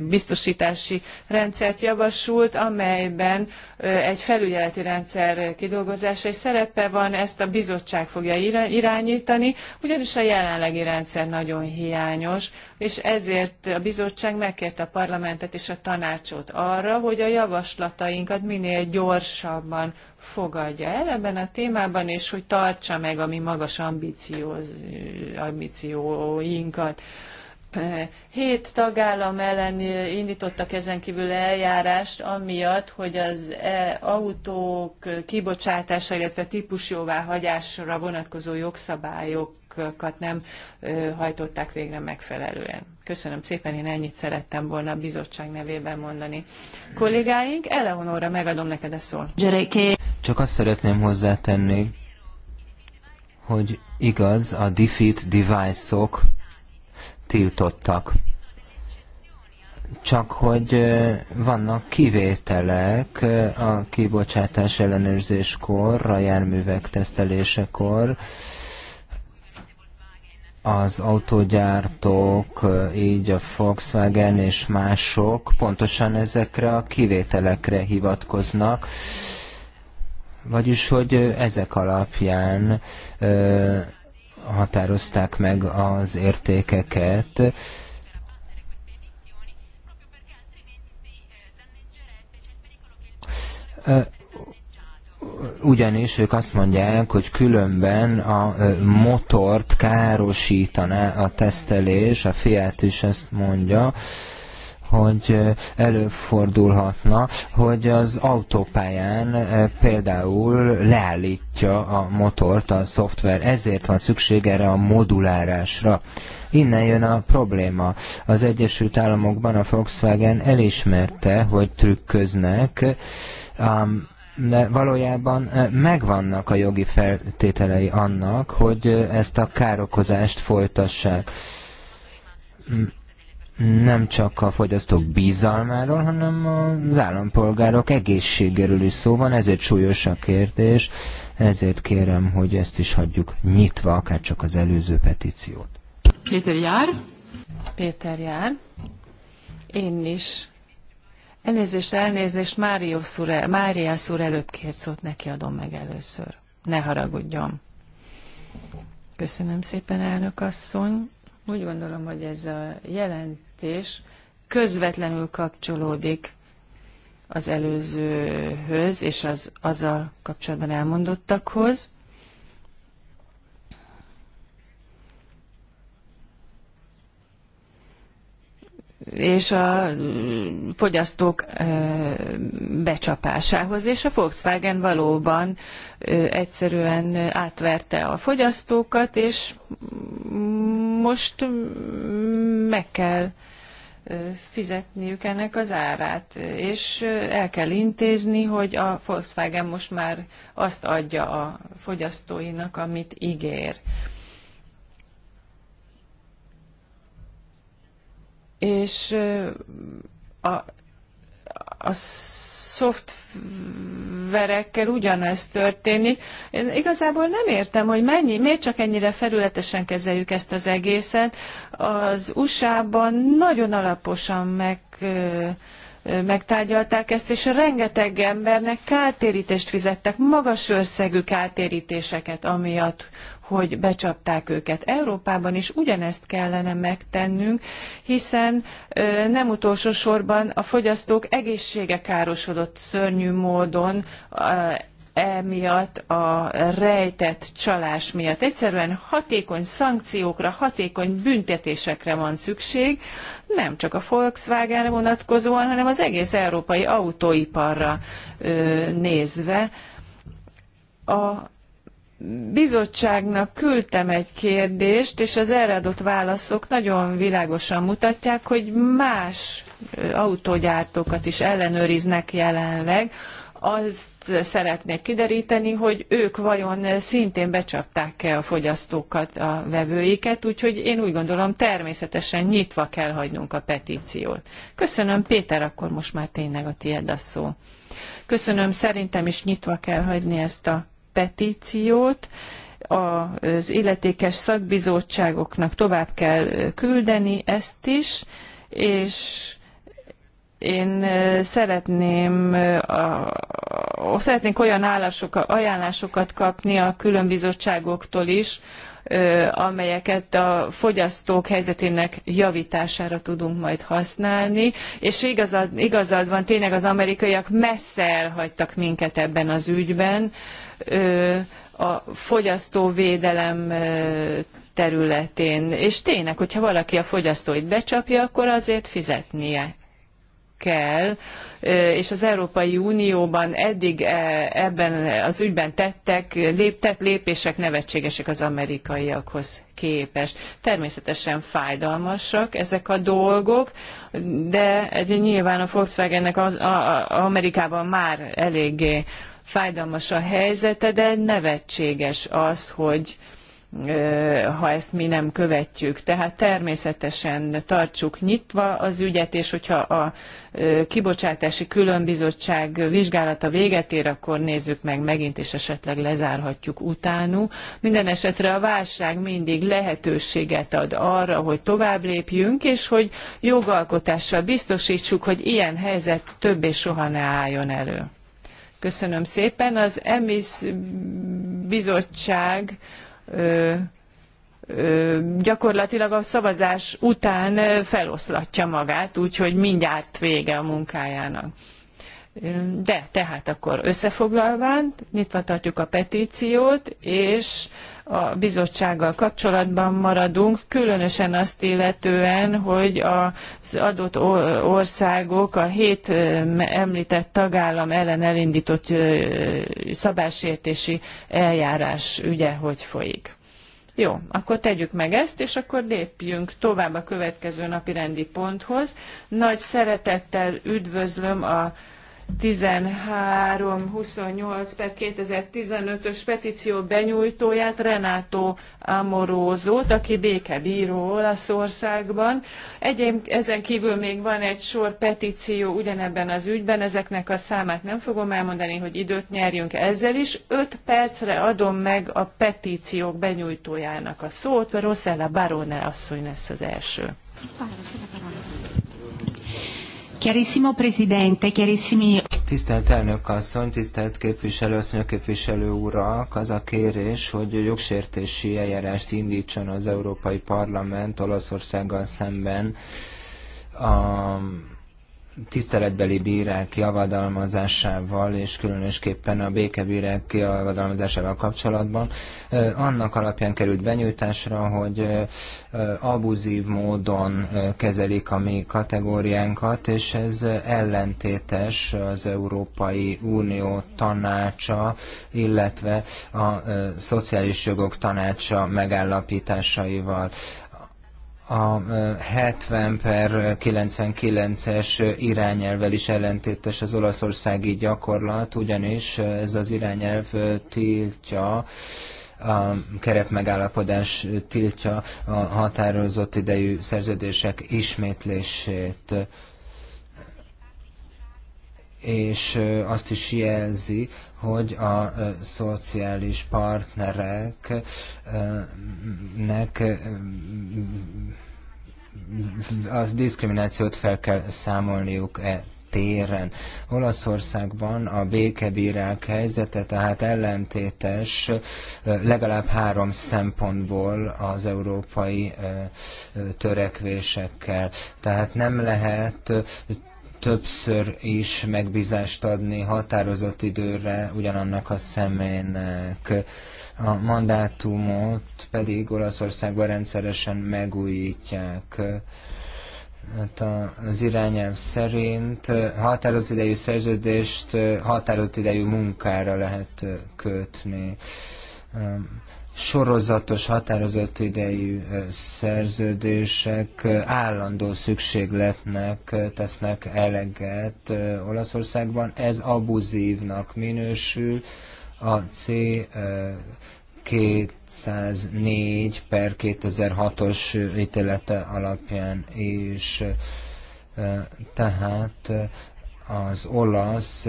biztosítási rendszert javasolt, amelyben egy felügyeleti rendszer kidolgozása és szerepe van, ezt a bizottság fogja irányítani, ugyanis a jelenlegi rendszer nagyon hiányos, és ezért a bizottság megkérte a parlamentet és a tanácsot arra, hogy a javaslatainkat minél gyorsabban fogadja el ebben a témában, és hogy tartsa meg a mi magas ambícióz, ambícióinkat. Hét tagállam ellen indítottak ezen kívül eljárást, amiatt, hogy az e, autók kibocsátása, illetve típusjóváhagyásra vonatkozó jogszabályok javaslatokat nem hajtották végre megfelelően. Köszönöm szépen, én ennyit szerettem volna a bizottság nevében mondani. Kollégáink, Eleonora, megadom neked a szót. Csak azt szeretném hozzátenni, hogy igaz, a defeat device-ok -ok tiltottak. Csak hogy vannak kivételek a kibocsátás ellenőrzéskor, a járművek tesztelésekor, az autógyártók, így a Volkswagen és mások pontosan ezekre a kivételekre hivatkoznak, vagyis hogy ezek alapján határozták meg az értékeket, ugyanis ők azt mondják, hogy különben a motort károsítaná a tesztelés, a fiát is ezt mondja, hogy előfordulhatna, hogy az autópályán például leállítja a motort a szoftver. Ezért van szükség erre a modulárásra. Innen jön a probléma. Az Egyesült Államokban a Volkswagen elismerte, hogy trükköznek, um, de valójában megvannak a jogi feltételei annak, hogy ezt a károkozást folytassák. Nem csak a fogyasztók bizalmáról, hanem az állampolgárok egészségéről is szó van, ezért súlyos a kérdés, ezért kérem, hogy ezt is hagyjuk nyitva, akár csak az előző petíciót. Péter jár. Péter jár. Én is Elnézést, elnézést, Mária szúr, Mária szúr előbb kért szót, neki adom meg először. Ne haragudjon. Köszönöm szépen, elnök asszony. Úgy gondolom, hogy ez a jelentés közvetlenül kapcsolódik az előzőhöz és az azzal kapcsolatban elmondottakhoz. és a mm, fogyasztók becsapásához. És a Volkswagen valóban egyszerűen átverte a fogyasztókat, és most mm, meg kell fizetniük ennek az árát, és el kell intézni, hogy a Volkswagen most már azt adja a fogyasztóinak, amit ígér. és a, a szoftverekkel ugyanezt történik. Én igazából nem értem, hogy mennyi, miért csak ennyire felületesen kezeljük ezt az egészet. Az USA-ban nagyon alaposan meg megtárgyalták ezt, és rengeteg embernek kártérítést fizettek, magas összegű kártérítéseket, amiatt, hogy becsapták őket. Európában is ugyanezt kellene megtennünk, hiszen nem utolsó sorban a fogyasztók egészsége károsodott szörnyű módon emiatt a rejtett csalás miatt. Egyszerűen hatékony szankciókra, hatékony büntetésekre van szükség, nem csak a Volkswagenre vonatkozóan, hanem az egész európai autóiparra ö, nézve. A bizottságnak küldtem egy kérdést, és az erre adott válaszok nagyon világosan mutatják, hogy más autógyártókat is ellenőriznek jelenleg, azt szeretnék kideríteni, hogy ők vajon szintén becsapták-e a fogyasztókat, a vevőiket, úgyhogy én úgy gondolom természetesen nyitva kell hagynunk a petíciót. Köszönöm Péter, akkor most már tényleg a tiéd a szó. Köszönöm, szerintem is nyitva kell hagyni ezt a petíciót az illetékes szakbizottságoknak tovább kell küldeni ezt is, és én szeretném, a, szeretnénk olyan állások, ajánlásokat kapni a különbizottságoktól is, amelyeket a fogyasztók helyzetének javítására tudunk majd használni. És igazad, igazad van, tényleg az amerikaiak messze elhagytak minket ebben az ügyben. A fogyasztóvédelem területén. És tényleg, hogyha valaki a fogyasztóit becsapja, akkor azért fizetnie kell, és az Európai Unióban eddig e, ebben az ügyben tettek, lép, tett lépések nevetségesek az amerikaiakhoz képest. Természetesen fájdalmasak ezek a dolgok, de nyilván a Volkswagennek az, a, a, Amerikában már eléggé fájdalmas a helyzete, de nevetséges az, hogy ha ezt mi nem követjük. Tehát természetesen tartsuk nyitva az ügyet, és hogyha a kibocsátási különbizottság vizsgálata véget ér, akkor nézzük meg megint, és esetleg lezárhatjuk utánu. Minden esetre a válság mindig lehetőséget ad arra, hogy tovább lépjünk, és hogy jogalkotással biztosítsuk, hogy ilyen helyzet többé soha ne álljon elő. Köszönöm szépen. Az EMIS bizottság ö, ö, gyakorlatilag a szavazás után feloszlatja magát, úgyhogy mindjárt vége a munkájának. De tehát akkor összefoglalván nyitva tartjuk a petíciót, és a bizottsággal kapcsolatban maradunk, különösen azt illetően, hogy az adott országok a hét említett tagállam ellen elindított szabásértési eljárás ügye hogy folyik. Jó, akkor tegyük meg ezt, és akkor lépjünk tovább a következő napi rendi ponthoz. Nagy szeretettel üdvözlöm a 1328 per 2015-ös petíció benyújtóját, Renato Amorózót, aki békebíró Olaszországban. Egyéb, ezen kívül még van egy sor petíció ugyanebben az ügyben, ezeknek a számát nem fogom elmondani, hogy időt nyerjünk ezzel is. 5 percre adom meg a petíciók benyújtójának a szót, Rossella Barone asszony lesz az első. Fájra, Chiarissimo Presidente, chiarissimi... Tisztelt elnök asszony, tisztelt képviselő, asszonyok képviselő urak, az a kérés, hogy jogsértési eljárást indítson az Európai Parlament Olaszországgal szemben a tiszteletbeli bírák javadalmazásával, és különösképpen a békebírák javadalmazásával kapcsolatban, annak alapján került benyújtásra, hogy abuzív módon kezelik a mi kategóriánkat, és ez ellentétes az Európai Unió tanácsa, illetve a szociális jogok tanácsa megállapításaival a 70 per 99-es irányelvel is ellentétes az olaszországi gyakorlat, ugyanis ez az irányelv tiltja a keretmegállapodás tiltja a határozott idejű szerződések ismétlését és azt is jelzi, hogy a szociális partnereknek a diszkriminációt fel kell számolniuk e téren. Olaszországban a békebírák helyzete tehát ellentétes legalább három szempontból az európai törekvésekkel. Tehát nem lehet többször is megbízást adni határozott időre ugyanannak a személynek. A mandátumot pedig Olaszországban rendszeresen megújítják. Hát az irányelv szerint határozott idejű szerződést határozott idejű munkára lehet kötni sorozatos, határozott idejű szerződések állandó szükségletnek tesznek eleget Olaszországban. Ez abuzívnak minősül. A C 204 per 2006-os ítélete alapján is tehát az olasz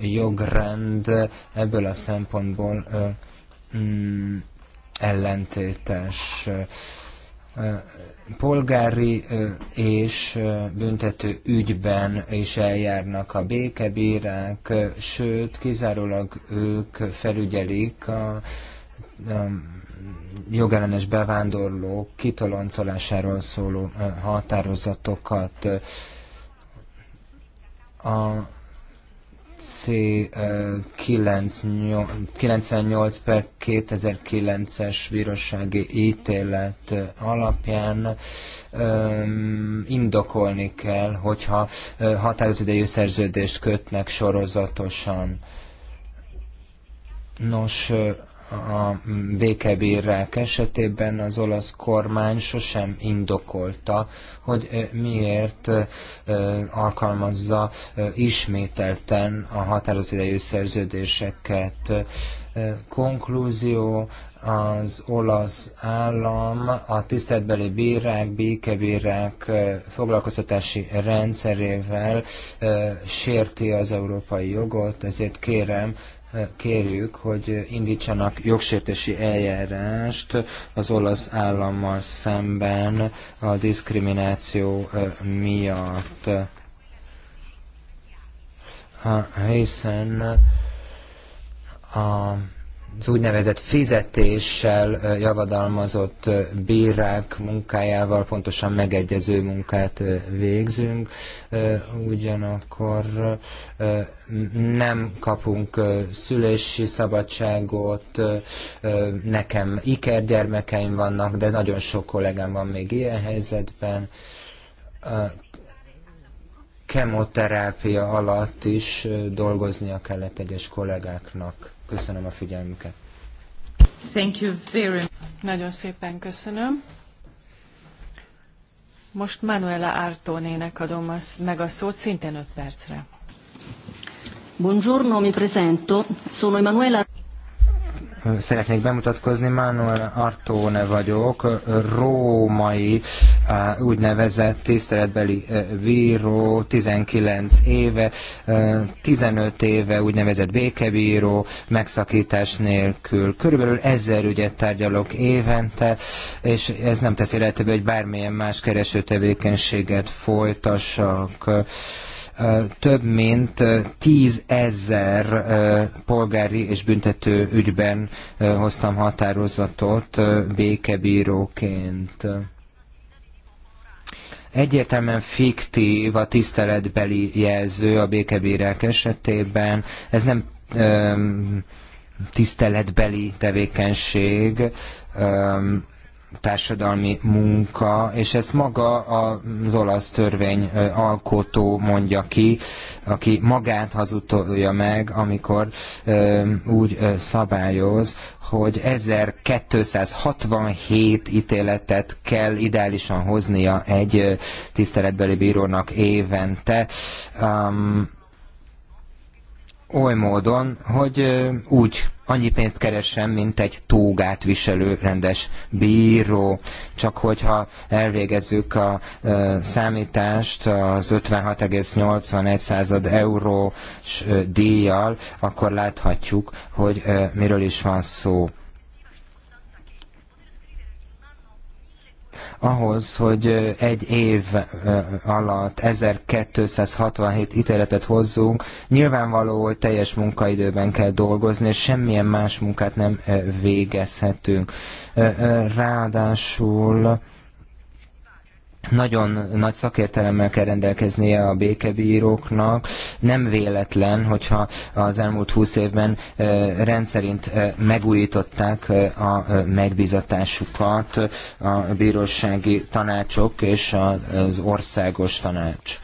jogrend ebből a szempontból mm, ellentétes polgári és büntető ügyben is eljárnak a békebírák, sőt, kizárólag ők felügyelik a, jogellenes bevándorlók kitoloncolásáról szóló határozatokat. A C98 eh, per 2009-es bírósági ítélet eh, alapján indokolni kell, hogyha eh, határozidejű szerződést kötnek sorozatosan. Nos, a békebírák esetében az olasz kormány sosem indokolta, hogy eh, miért eh, alkalmazza eh, ismételten a határidejű szerződéseket. Konklúzió, az olasz állam a tiszteletbeli bírák, békebírák foglalkoztatási rendszerével sérti az európai jogot, ezért kérem, kérjük, hogy indítsanak jogsértési eljárást az olasz állammal szemben a diszkrimináció miatt. Hiszen a az úgynevezett fizetéssel javadalmazott bírák munkájával pontosan megegyező munkát végzünk, ugyanakkor nem kapunk szülési szabadságot, nekem ikergyermekeim vannak, de nagyon sok kollégám van még ilyen helyzetben, kemoterápia alatt is dolgoznia kellett egyes kollégáknak. Köszönöm a figyelmüket. Thank you very much. Nagyon szépen köszönöm. Most Manuela Artónének adom az, meg a szót szintén 5 percre. Buongiorno, mi presento. Sono Emanuela szeretnék bemutatkozni. Manuel Artone vagyok, római úgynevezett tiszteletbeli bíró, 19 éve, 15 éve úgynevezett békebíró, megszakítás nélkül. Körülbelül ezer ügyet tárgyalok évente, és ez nem teszi lehetővé, hogy bármilyen más keresőtevékenységet folytassak több mint tízezer polgári és büntető ügyben hoztam határozatot békebíróként egyértelműen fiktív a tiszteletbeli jelző a békebírák esetében. Ez nem tiszteletbeli tevékenység társadalmi munka, és ezt maga az olasz törvény alkotó mondja ki, aki magát hazudtolja meg, amikor úgy szabályoz, hogy 1267 ítéletet kell ideálisan hoznia egy tiszteletbeli bírónak évente. Um, oly módon, hogy úgy annyi pénzt keressen, mint egy tógát viselő rendes bíró. Csak hogyha elvégezzük a e, számítást az 56,81 század euró díjjal, akkor láthatjuk, hogy e, miről is van szó. ahhoz, hogy egy év alatt 1267 ítéletet hozzunk, nyilvánvaló, hogy teljes munkaidőben kell dolgozni, és semmilyen más munkát nem végezhetünk. Ráadásul nagyon nagy szakértelemmel kell rendelkeznie a békebíróknak. Nem véletlen, hogyha az elmúlt húsz évben rendszerint megújították a megbizatásukat a bírósági tanácsok és az országos tanács.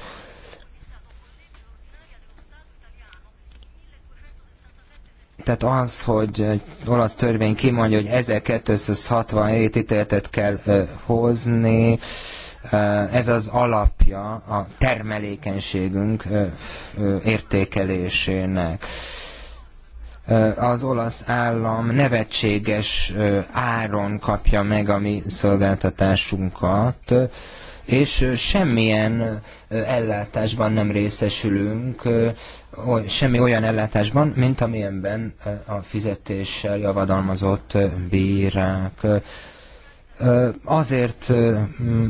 tehát az, hogy olasz törvény kimondja, hogy 1267 ítéletet kell hozni, Eh, ez az alapja a termelékenységünk eh, eh, értékelésének az olasz állam nevetséges áron kapja meg a mi szolgáltatásunkat, és semmilyen ellátásban nem részesülünk, semmi olyan ellátásban, mint amilyenben a fizetéssel javadalmazott bírák Azért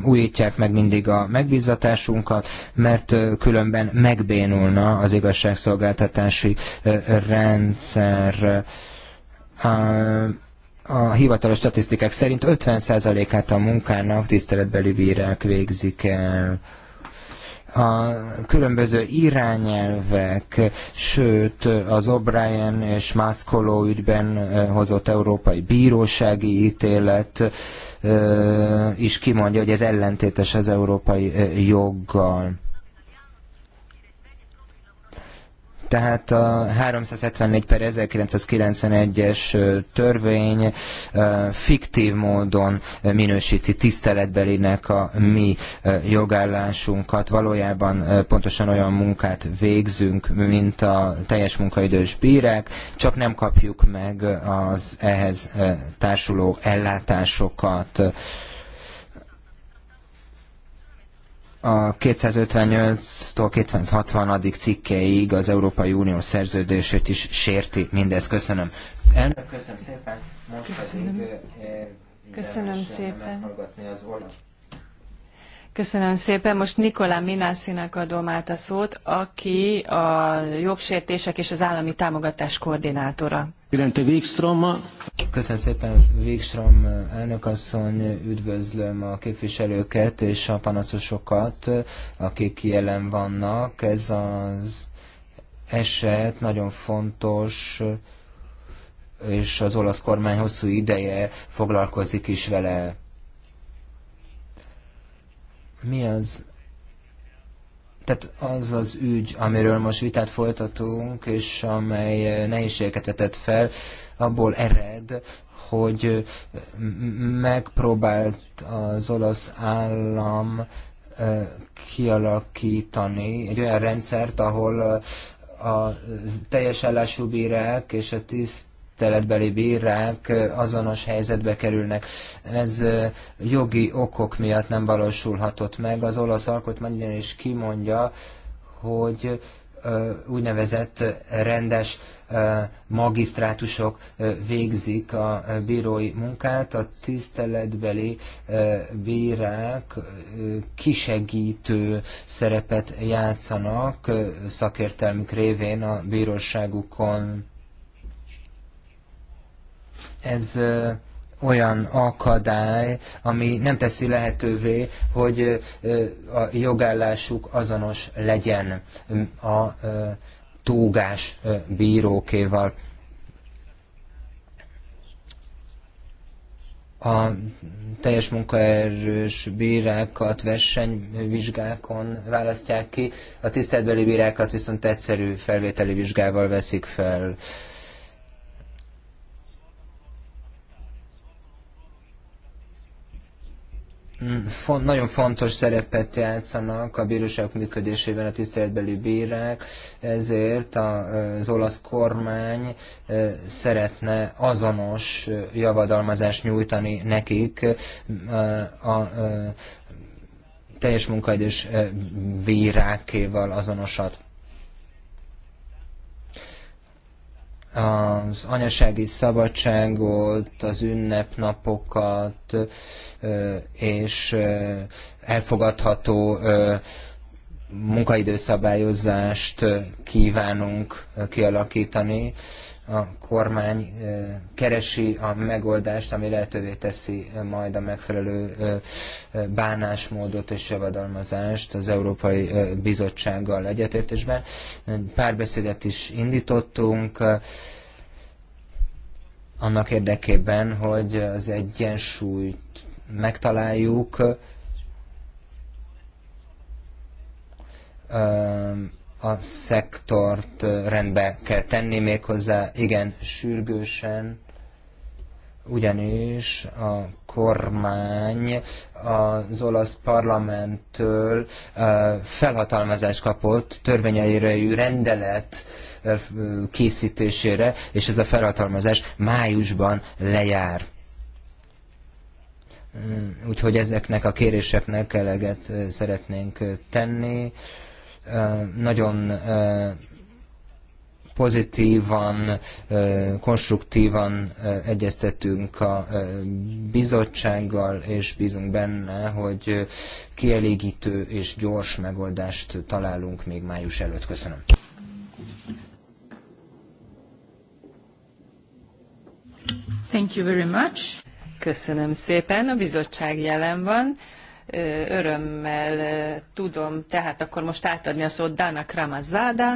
újítják meg mindig a megbízatásunkat, mert különben megbénulna az igazságszolgáltatási rendszer a hivatalos statisztikák szerint 50%-át a munkának tiszteletbeli bírák végzik el a különböző irányelvek, sőt az O'Brien és Mászkoló ügyben hozott Európai Bírósági ítélet is kimondja, hogy ez ellentétes az európai joggal. Tehát a 374 per 1991-es törvény fiktív módon minősíti tiszteletbelinek a mi jogállásunkat. Valójában pontosan olyan munkát végzünk, mint a teljes munkaidős bírák, csak nem kapjuk meg az ehhez társuló ellátásokat. a 258-tól 260. cikkeig az Európai Unió szerződését is sérti mindez. Köszönöm. Elnök, köszönöm szépen. Most köszönöm. pedig eh, köszönöm szépen. az Köszönöm szépen. Most Nikolá Minászinak adom át a szót, aki a jogsértések és az állami támogatás koordinátora. Köszönöm szépen, Wikström elnökasszony, üdvözlöm a képviselőket és a panaszosokat, akik jelen vannak. Ez az eset nagyon fontos, és az olasz kormány hosszú ideje foglalkozik is vele. Mi az tehát az az ügy, amiről most vitát folytatunk, és amely nehézségeket vetett fel, abból ered, hogy megpróbált az olasz állam kialakítani egy olyan rendszert, ahol a teljes ellású bírák és a tiszt tiszteletbeli bírák azonos helyzetbe kerülnek. Ez jogi okok miatt nem valósulhatott meg. Az olasz alkotmány is kimondja, hogy úgynevezett rendes magisztrátusok végzik a bírói munkát, a tiszteletbeli bírák kisegítő szerepet játszanak szakértelmük révén a bíróságukon ez olyan akadály, ami nem teszi lehetővé, hogy a jogállásuk azonos legyen a túgás bírókéval. A teljes munkaerős bírákat versenyvizsgákon választják ki, a tiszteltbeli bírákat viszont egyszerű felvételi vizsgával veszik fel. font, nagyon fontos szerepet játszanak a bíróságok működésében a tiszteletbeli bírák, ezért az olasz kormány szeretne azonos javadalmazást nyújtani nekik a teljes munkaidős bírákéval azonosat. az anyasági szabadságot, az ünnepnapokat és elfogadható munkaidőszabályozást kívánunk kialakítani a kormány keresi a megoldást, ami lehetővé teszi majd a megfelelő bánásmódot és javadalmazást az Európai Bizottsággal egyetértésben. Párbeszédet is indítottunk annak érdekében, hogy az egyensúlyt megtaláljuk a szektort rendbe kell tenni méghozzá igen sürgősen, ugyanis a kormány az olasz parlamenttől felhatalmazást kapott törvényeirejű rendelet készítésére, és ez a felhatalmazás májusban lejár. Úgyhogy ezeknek a kéréseknek eleget szeretnénk tenni nagyon pozitívan, konstruktívan egyeztetünk a bizottsággal, és bízunk benne, hogy kielégítő és gyors megoldást találunk még május előtt. Köszönöm. Thank you very much. Köszönöm szépen, a bizottság jelen van örömmel tudom tehát akkor most átadni a szót Dana Kramazada,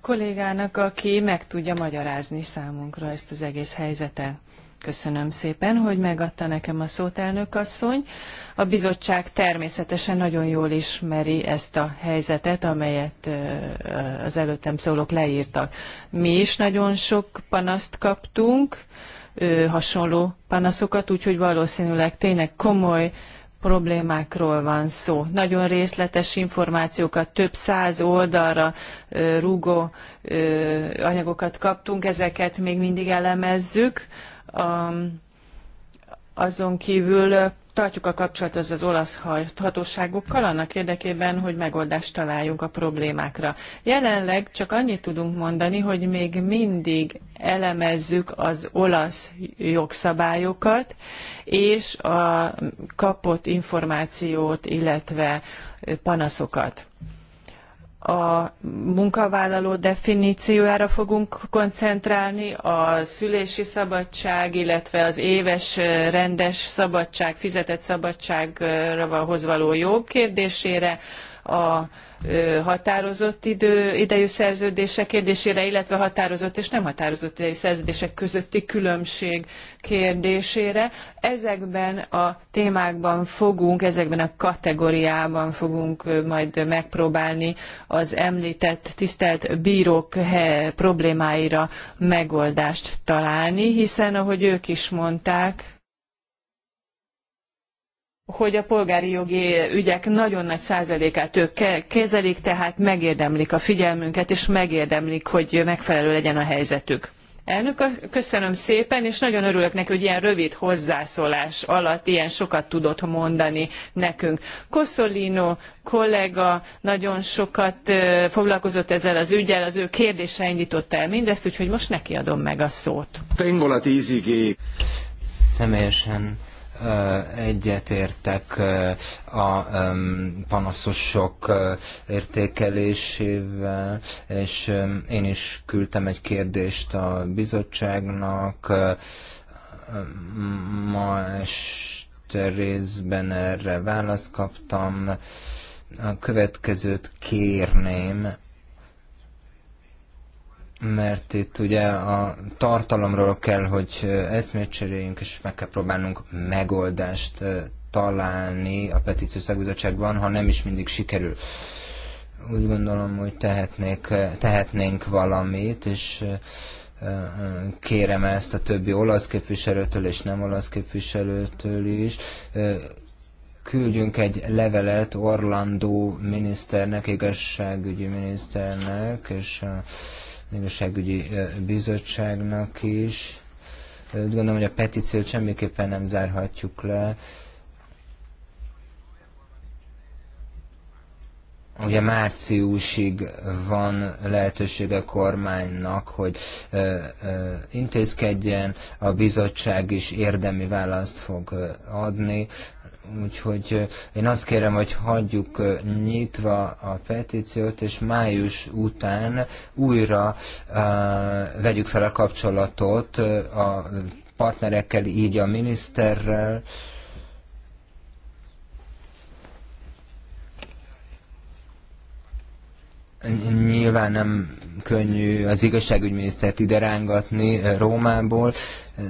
kollégának, aki meg tudja magyarázni számunkra ezt az egész helyzetet. Köszönöm szépen, hogy megadta nekem a szót, elnök asszony. A bizottság természetesen nagyon jól ismeri ezt a helyzetet, amelyet az előttem szólók leírtak. Mi is nagyon sok panaszt kaptunk, hasonló panaszokat, úgyhogy valószínűleg tényleg komoly problémákról van szó. Nagyon részletes információkat, több száz oldalra rúgó anyagokat kaptunk, ezeket még mindig elemezzük. Azon kívül tartjuk a kapcsolatot az olasz hatóságokkal annak érdekében, hogy megoldást találjunk a problémákra. Jelenleg csak annyit tudunk mondani, hogy még mindig elemezzük az olasz jogszabályokat, és a kapott információt, illetve panaszokat a munkavállaló definíciójára fogunk koncentrálni, a szülési szabadság, illetve az éves rendes szabadság, fizetett szabadságra való jog kérdésére, a határozott idő, idejű szerződések kérdésére, illetve határozott és nem határozott idejű szerződések közötti különbség kérdésére. Ezekben a témákban fogunk, ezekben a kategóriában fogunk majd megpróbálni az említett tisztelt bírók problémáira megoldást találni, hiszen ahogy ők is mondták, hogy a polgári jogi ügyek nagyon nagy százalékát ők kezelik, tehát megérdemlik a figyelmünket, és megérdemlik, hogy megfelelő legyen a helyzetük. Elnök, köszönöm szépen, és nagyon örülök neki, hogy ilyen rövid hozzászólás alatt ilyen sokat tudott mondani nekünk. Kosszolino kollega nagyon sokat foglalkozott ezzel az ügyel, az ő kérdése indította el mindezt, úgyhogy most neki adom meg a szót. Tengola tízigé. Személyesen egyetértek a panaszosok értékelésével, és én is küldtem egy kérdést a bizottságnak, ma este részben erre választ kaptam. A következőt kérném, mert itt ugye a tartalomról kell, hogy eszmét cseréljünk, és meg kell próbálnunk megoldást találni a petíció szakbizottságban, ha nem is mindig sikerül. Úgy gondolom, hogy tehetnék, tehetnénk valamit, és kérem ezt a többi olasz képviselőtől és nem olasz képviselőtől is. Küldjünk egy levelet Orlandó miniszternek, igazságügyi miniszternek, és a igazságügyi bizottságnak is. Úgy gondolom, hogy a petíciót semmiképpen nem zárhatjuk le. Ugye márciusig van lehetősége a kormánynak, hogy ö, ö, intézkedjen, a bizottság is érdemi választ fog adni. Úgyhogy én azt kérem, hogy hagyjuk nyitva a petíciót, és május után újra uh, vegyük fel a kapcsolatot a partnerekkel, így a miniszterrel, nyilván nem könnyű az igazságügyminisztert ide rángatni eh, Rómából,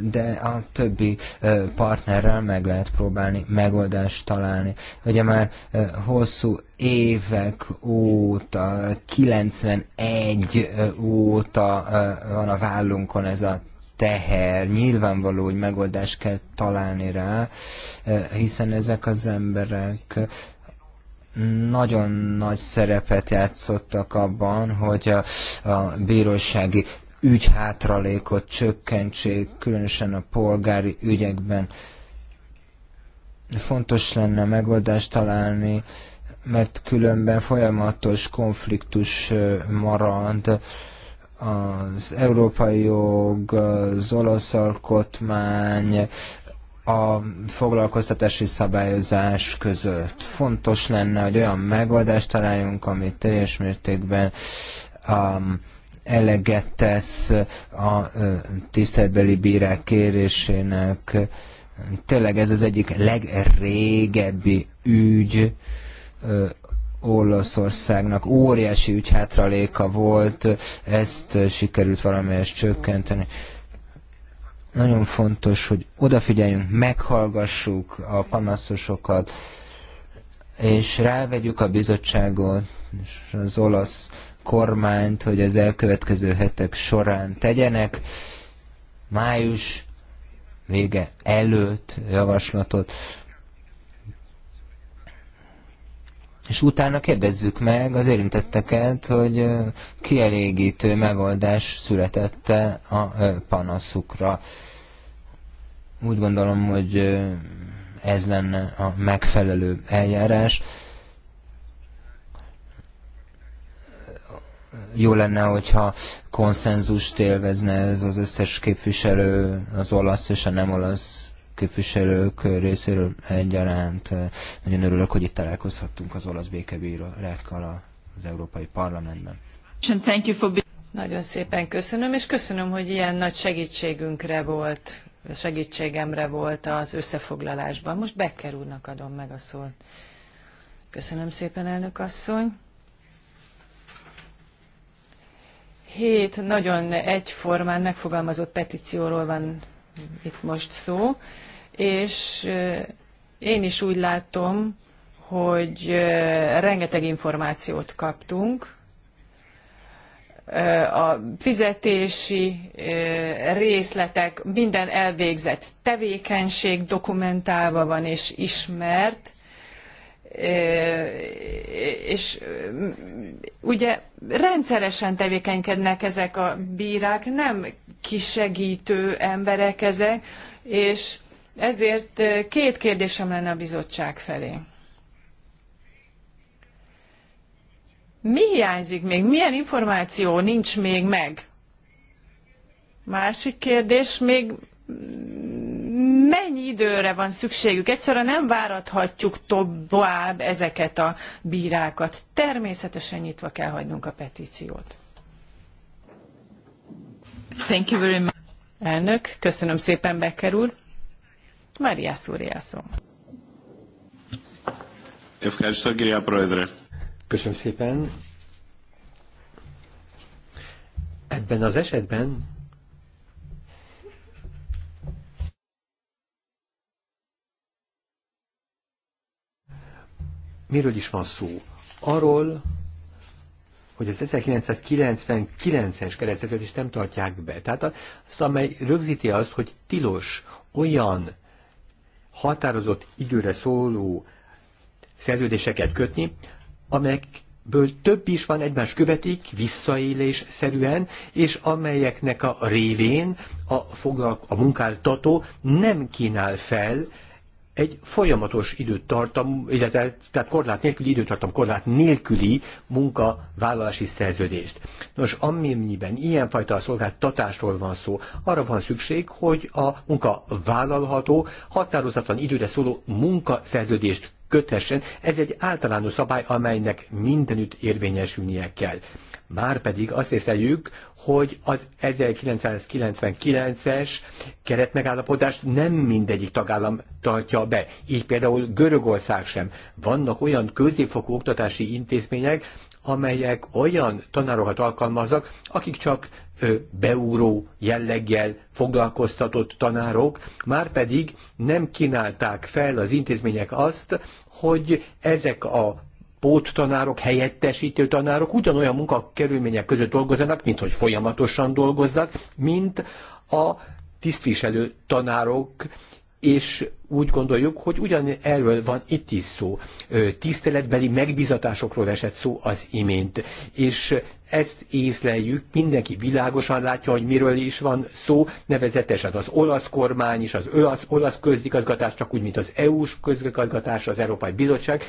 de a többi eh, partnerrel meg lehet próbálni megoldást találni. Ugye már eh, hosszú évek óta, 91 óta van a vállunkon ez a teher, nyilvánvaló, hogy megoldást kell találni rá, hiszen ezek az emberek nagyon nagy szerepet játszottak abban, hogy a, a bírósági ügyhátralékot csökkentsék, különösen a polgári ügyekben. Fontos lenne megoldást találni, mert különben folyamatos konfliktus marad az európai jog, az olasz alkotmány, a foglalkoztatási szabályozás között. Fontos lenne, hogy olyan megoldást találjunk, ami teljes mértékben um, eleget tesz a tiszteletbeli bírák kérésének. Tényleg ez az egyik legrégebbi ügy ö, Olaszországnak. Óriási ügyhátraléka volt, ezt sikerült valamelyest csökkenteni. Ö, nagyon fontos, hogy odafigyeljünk, meghallgassuk a panaszosokat, és rávegyük a bizottságot és az olasz kormányt, hogy az elkövetkező hetek során tegyenek május vége előtt javaslatot és utána kérdezzük meg az érintetteket, hogy kielégítő megoldás születette a panaszukra. Úgy gondolom, hogy ez lenne a megfelelő eljárás. Jó lenne, hogyha konszenzust élvezne ez az összes képviselő, az olasz és a nem olasz képviselők részéről egyaránt. Eh, nagyon örülök, hogy itt találkozhattunk az olasz békebírókkal az Európai Parlamentben. Nagyon szépen köszönöm, és köszönöm, hogy ilyen nagy segítségünkre volt, segítségemre volt az összefoglalásban. Most Becker úrnak adom meg a szót. Köszönöm szépen, elnök asszony. Hét nagyon egyformán megfogalmazott petícióról van itt most szó és én is úgy látom, hogy rengeteg információt kaptunk. A fizetési részletek, minden elvégzett tevékenység dokumentálva van és ismert, és ugye rendszeresen tevékenykednek ezek a bírák, nem kisegítő emberek ezek, és ezért eh, két kérdésem lenne a bizottság felé. Mi hiányzik még? Milyen információ nincs még meg? Másik kérdés, még mennyi időre van szükségük? Egyszerűen nem várathatjuk tovább ezeket a bírákat. Természetesen nyitva kell hagynunk a petíciót. Thank you very much. Elnök, köszönöm szépen, Becker úr. Maria Szúria szó. Köszönöm szépen. Ebben az esetben miről is van szó? Arról, hogy az 1999-es keresztetőt is nem tartják be. Tehát azt, amely rögzíti azt, hogy tilos olyan határozott időre szóló szerződéseket kötni, amelyekből több is van, egymás követik visszaélés szerűen, és amelyeknek a révén a, foglal, a munkáltató nem kínál fel egy folyamatos időtartam, illetve tehát korlát nélküli időtartam, korlát nélküli munkavállalási szerződést. Nos, amennyiben ilyenfajta szolgáltatásról van szó, arra van szükség, hogy a munka vállalható, határozatlan időre szóló munkaszerződést köthessen. Ez egy általános szabály, amelynek mindenütt érvényesülnie kell. Márpedig azt észleljük, hogy az 1999-es keretmegállapodást nem mindegyik tagállam tartja be. Így például Görögország sem. Vannak olyan középfokú oktatási intézmények, amelyek olyan tanárokat alkalmaznak, akik csak beúró jelleggel foglalkoztatott tanárok, már pedig nem kínálták fel az intézmények azt, hogy ezek a póttanárok, helyettesítő tanárok ugyanolyan munkakörülmények között dolgozzanak, mint hogy folyamatosan dolgoznak, mint a tisztviselő tanárok, és úgy gondoljuk, hogy ugyan erről van itt is szó. Tiszteletbeli megbizatásokról esett szó az imént, és ezt észleljük, mindenki világosan látja, hogy miről is van szó, nevezetesen az olasz kormány is az olasz, olasz közigazgatás, csak úgy, mint az EU-s közigazgatás, az Európai Bizottság.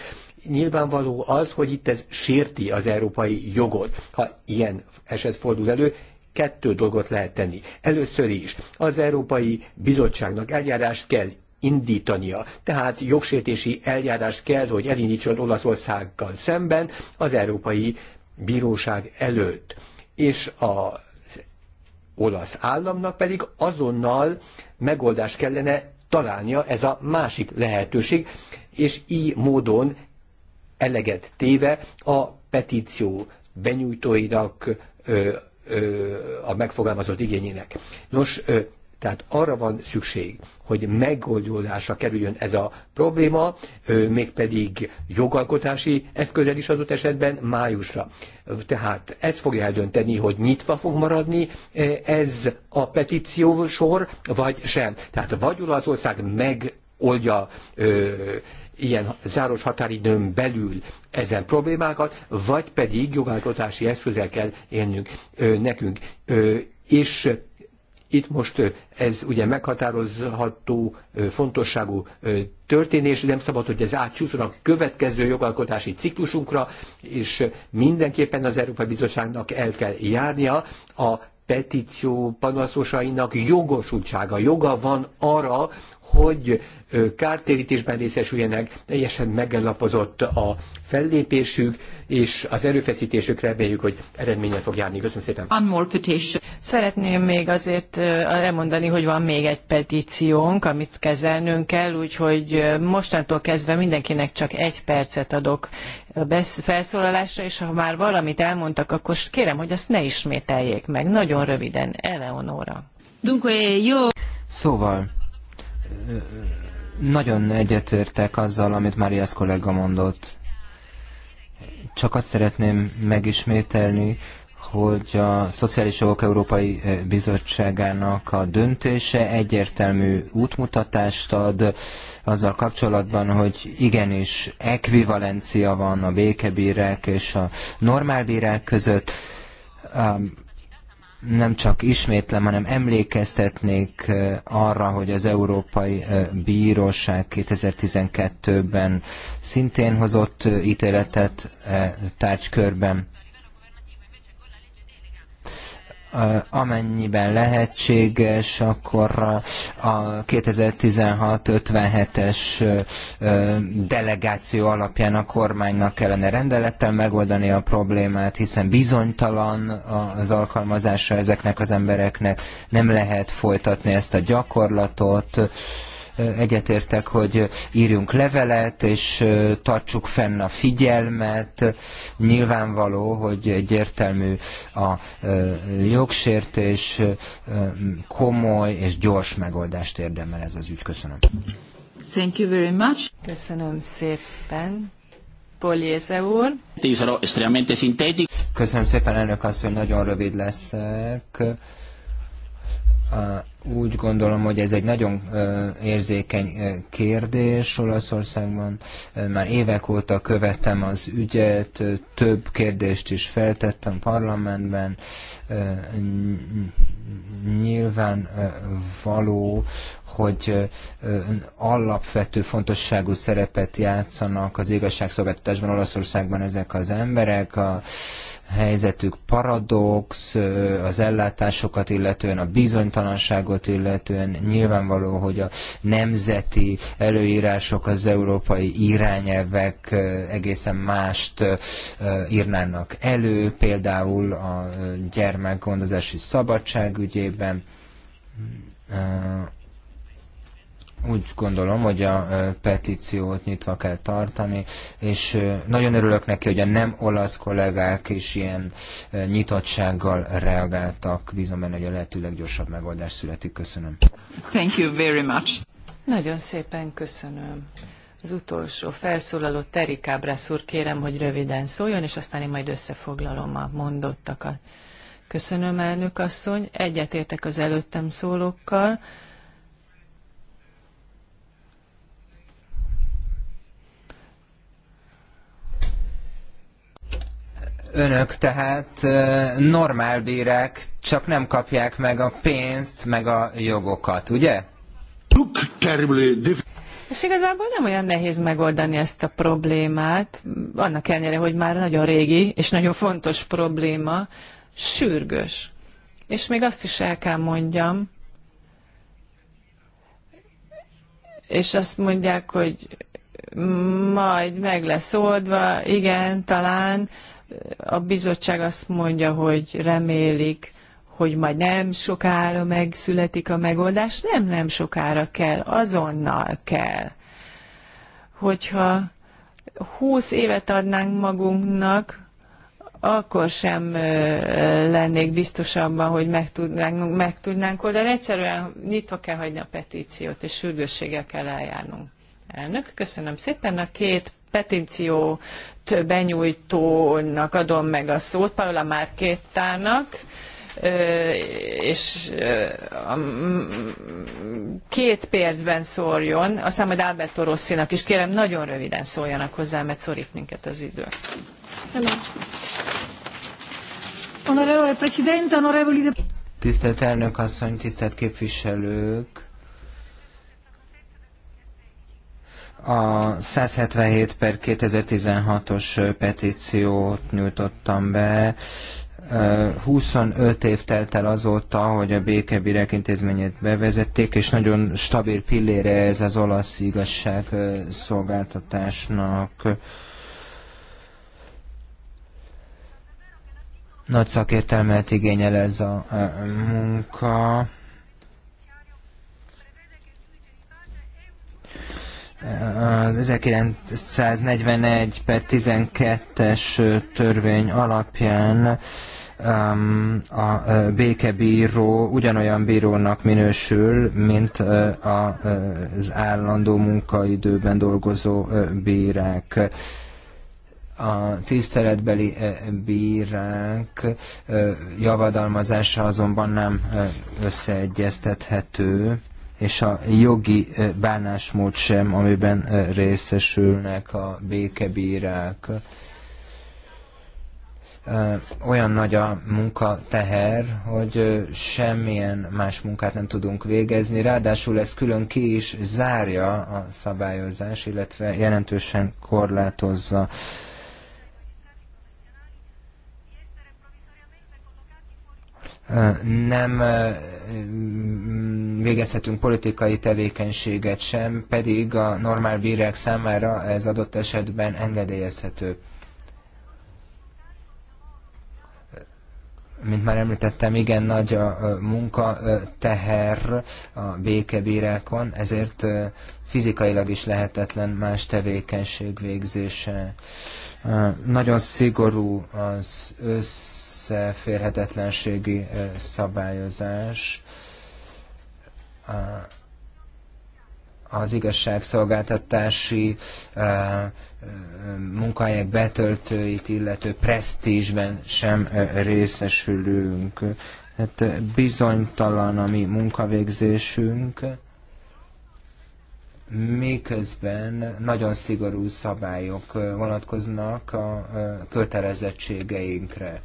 Nyilvánvaló az, hogy itt ez sérti az európai jogot. Ha ilyen eset fordul elő, kettő dolgot lehet tenni. Először is az Európai Bizottságnak eljárást kell indítania. Tehát jogsértési eljárást kell, hogy elindítson Olaszországgal szemben az Európai Bíróság előtt. És a olasz államnak pedig azonnal megoldást kellene találnia ez a másik lehetőség, és így módon eleget téve a petíció benyújtóinak a megfogalmazott igényének. Nos, tehát arra van szükség, hogy megoldódásra kerüljön ez a probléma, mégpedig jogalkotási eszközel is adott esetben májusra. Tehát ez fogja eldönteni, hogy nyitva fog maradni ez a petíció sor, vagy sem. Tehát vagy ország megoldja ilyen záros határidőn belül ezen problémákat, vagy pedig jogalkotási eszközzel kell élnünk ö, nekünk. Ö, és itt most ez ugye meghatározható fontosságú történés, nem szabad, hogy ez átsúszon a következő jogalkotási ciklusunkra, és mindenképpen az Európai Bizottságnak el kell járnia a petíció panaszosainak jogosultsága, joga van arra, hogy kártérítésben részesüljenek, teljesen megellapozott a fellépésük, és az erőfeszítésük reméljük, hogy eredménye fog járni. Köszönöm szépen. One more petition. Szeretném még azért elmondani, hogy van még egy petíciónk, amit kezelnünk kell, úgyhogy mostantól kezdve mindenkinek csak egy percet adok felszólalásra, és ha már valamit elmondtak, akkor kérem, hogy azt ne ismételjék meg. Nagyon röviden, Eleonora. Dunque, jó. Szóval, nagyon egyetértek azzal, amit Máriász kollega mondott. Csak azt szeretném megismételni, hogy a Szociális Jogok Európai eh, Bizottságának a döntése egyértelmű útmutatást ad azzal kapcsolatban, hogy igenis ekvivalencia van a békebírák és a normálbírák között. Um, nem csak ismétlem, hanem emlékeztetnék arra, hogy az Európai Bíróság 2012-ben szintén hozott ítéletet tárgykörben amennyiben lehetséges, akkor a 2016-57-es delegáció alapján a kormánynak kellene rendelettel megoldani a problémát, hiszen bizonytalan az alkalmazása ezeknek az embereknek, nem lehet folytatni ezt a gyakorlatot, Egyetértek, hogy írjunk levelet, és tartsuk fenn a figyelmet. Nyilvánvaló, hogy egyértelmű a jogsértés, komoly és gyors megoldást érdemel ez az ügy. Köszönöm. Thank you very much. Köszönöm szépen. Poliéze úr. Köszönöm szépen, elnök asszony, nagyon rövid leszek úgy gondolom, hogy ez egy nagyon érzékeny kérdés Olaszországban. Már évek óta követem az ügyet, több kérdést is feltettem parlamentben nyilván való, hogy alapvető fontosságú szerepet játszanak az igazságszolgáltatásban Olaszországban ezek az emberek, a helyzetük paradox, az ellátásokat illetően, a bizonytalanságot illetően nyilvánvaló, hogy a nemzeti előírások, az európai irányelvek egészen mást írnának elő, például a gyermekgondozási szabadság ügyében úgy gondolom, hogy a petíciót nyitva kell tartani, és nagyon örülök neki, hogy a nem olasz kollégák is ilyen nyitottsággal reagáltak. Bízom benne, hogy a lehető leggyorsabb megoldás születik. Köszönöm. Thank you very much. Nagyon szépen köszönöm. Az utolsó felszólaló Terikábrász úr, kérem, hogy röviden szóljon, és aztán én majd összefoglalom a mondottakat. Köszönöm, elnök asszony. Egyetértek az előttem szólókkal. önök tehát normál bírák, csak nem kapják meg a pénzt, meg a jogokat, ugye? És igazából nem olyan nehéz megoldani ezt a problémát, annak ellenére, hogy már nagyon régi és nagyon fontos probléma, sürgős. És még azt is el kell mondjam, és azt mondják, hogy majd meg lesz oldva, igen, talán a bizottság azt mondja, hogy remélik, hogy majd nem sokára megszületik a megoldás. Nem, nem sokára kell, azonnal kell. Hogyha 20 évet adnánk magunknak, akkor sem lennék biztos abban, hogy meg tudnánk, meg tudnánk oldani. Egyszerűen nyitva kell hagyni a petíciót, és sürgősséggel kell eljárnunk. Elnök, köszönöm szépen. A két petíció benyújtónak adom meg a szót, Paula Márkétának és két percben szóljon, aztán majd Alberto Rosszinak is kérem, nagyon röviden szóljanak hozzá, mert szorít minket az idő. Tisztelt elnök asszony, tisztelt képviselők! a 177 per 2016-os petíciót nyújtottam be 25 év telt el azóta, hogy a békebírák intézményét bevezették, és nagyon stabil pillére ez az olasz igazság szolgáltatásnak. Nagy szakértelmet igényel ez a munka. az 1941 per 12-es törvény alapján a békebíró ugyanolyan bírónak minősül, mint az állandó munkaidőben dolgozó bírák a tiszteletbeli bírák javadalmazása azonban nem összeegyeztethető és a jogi bánásmód sem, amiben részesülnek a békebírák. Olyan nagy a munkateher, hogy semmilyen más munkát nem tudunk végezni, ráadásul ez külön ki is zárja a szabályozás, illetve jelentősen korlátozza nem végezhetünk politikai tevékenységet sem, pedig a normál bírák számára ez adott esetben engedélyezhető. Mint már említettem, igen nagy a munka teher a békebírákon, ezért fizikailag is lehetetlen más tevékenység végzése. Nagyon szigorú az össz összeférhetetlenségi szabályozás az igazságszolgáltatási munkahelyek betöltőit illető presztízsben sem részesülünk. Hát bizonytalan a mi munkavégzésünk, miközben nagyon szigorú szabályok vonatkoznak a kötelezettségeinkre.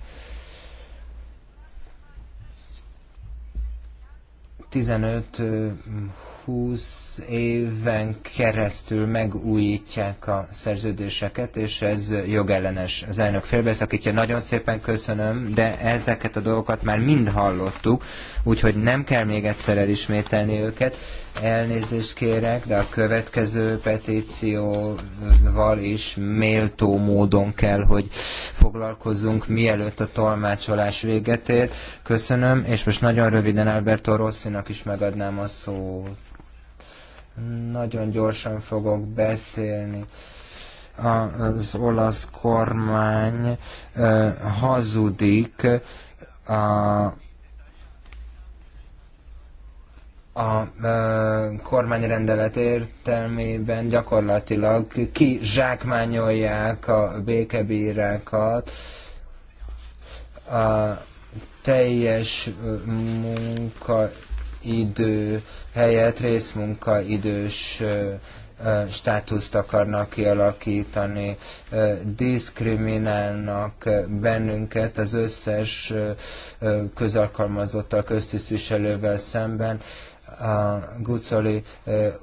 15-20 éven keresztül megújítják a szerződéseket, és ez jogellenes. Az elnök félbeszakítja, nagyon szépen köszönöm, de ezeket a dolgokat már mind hallottuk, úgyhogy nem kell még egyszer elismételni őket. Elnézést kérek, de a következő petícióval is méltó módon kell, hogy foglalkozzunk, mielőtt a tolmácsolás véget ér. Köszönöm, és most nagyon röviden Alberto Rosszinak is megadnám a szót. Nagyon gyorsan fogok beszélni az olasz kormány hazudik a a kormányrendelet értelmében gyakorlatilag kizsákmányolják a békebírákat, a teljes munkaidő helyett részmunkaidős státuszt akarnak kialakítani, diszkriminálnak bennünket az összes közalkalmazottal, köztisztviselővel szemben. Gucoli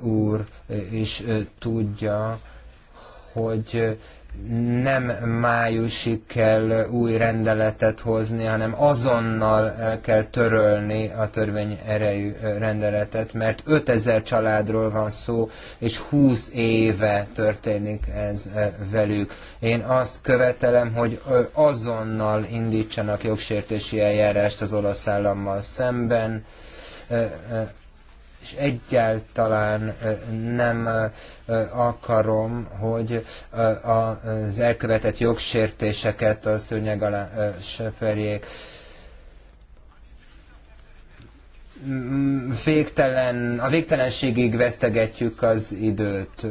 úr is tudja, hogy nem májusig kell új rendeletet hozni, hanem azonnal el kell törölni a törvény erejű rendeletet, mert 5000 családról van szó, és 20 éve történik ez velük. Én azt követelem, hogy azonnal indítsanak jogsértési eljárást az olasz állammal szemben, és egyáltalán nem akarom, hogy az elkövetett jogsértéseket a szőnyeg alá söpörjék végtelen, a végtelenségig vesztegetjük az időt.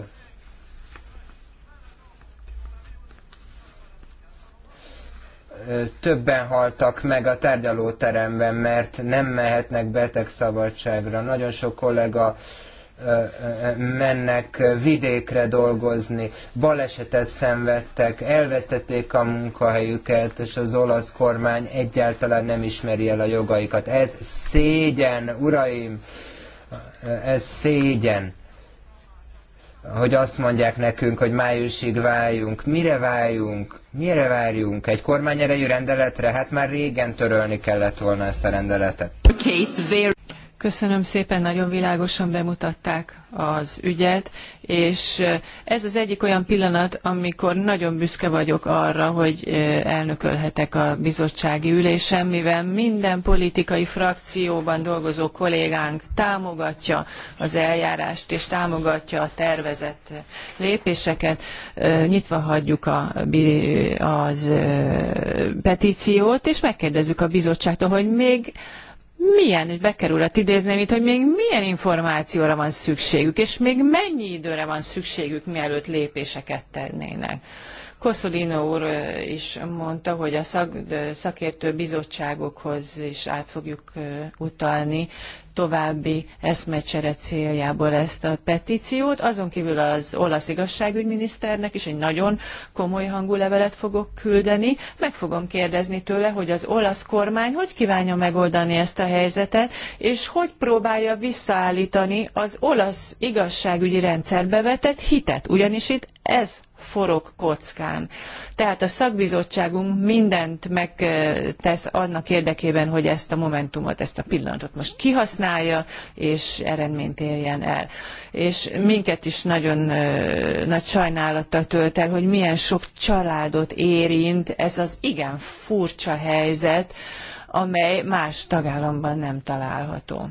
többen haltak meg a tárgyalóteremben, mert nem mehetnek betegszabadságra. Nagyon sok kollega mennek vidékre dolgozni, balesetet szenvedtek, elvesztették a munkahelyüket, és az olasz kormány egyáltalán nem ismeri el a jogaikat. Ez szégyen, uraim! Ez szégyen! hogy azt mondják nekünk, hogy májusig váljunk. Mire váljunk? Mire várjunk? Egy kormányerejű rendeletre? Hát már régen törölni kellett volna ezt a rendeletet. Case Köszönöm szépen, nagyon világosan bemutatták az ügyet, és ez az egyik olyan pillanat, amikor nagyon büszke vagyok arra, hogy elnökölhetek a bizottsági ülésen, mivel minden politikai frakcióban dolgozó kollégánk támogatja az eljárást és támogatja a tervezett lépéseket. Nyitva hagyjuk a, az petíciót, és megkérdezzük a bizottságtól, hogy még milyen, és bekerület hát idézném itt, hogy még milyen információra van szükségük, és még mennyi időre van szükségük, mielőtt lépéseket tennének. Koszolino úr is mondta, hogy a szak, szakértő bizottságokhoz is át fogjuk utalni további eszmecsere céljából ezt a petíciót. Azon kívül az olasz igazságügyminiszternek is egy nagyon komoly hangú levelet fogok küldeni. Meg fogom kérdezni tőle, hogy az olasz kormány hogy kívánja megoldani ezt a helyzetet, és hogy próbálja visszaállítani az olasz igazságügyi rendszerbe vetett hitet, ugyanis itt ez forog kockán. Tehát a szakbizottságunk mindent megtesz annak érdekében, hogy ezt a momentumot, ezt a pillanatot most kihasználja, használja, és eredményt érjen el. És minket is nagyon ö, nagy sajnálattal tölt el, hogy milyen sok családot érint ez az igen furcsa helyzet, amely más tagállamban nem található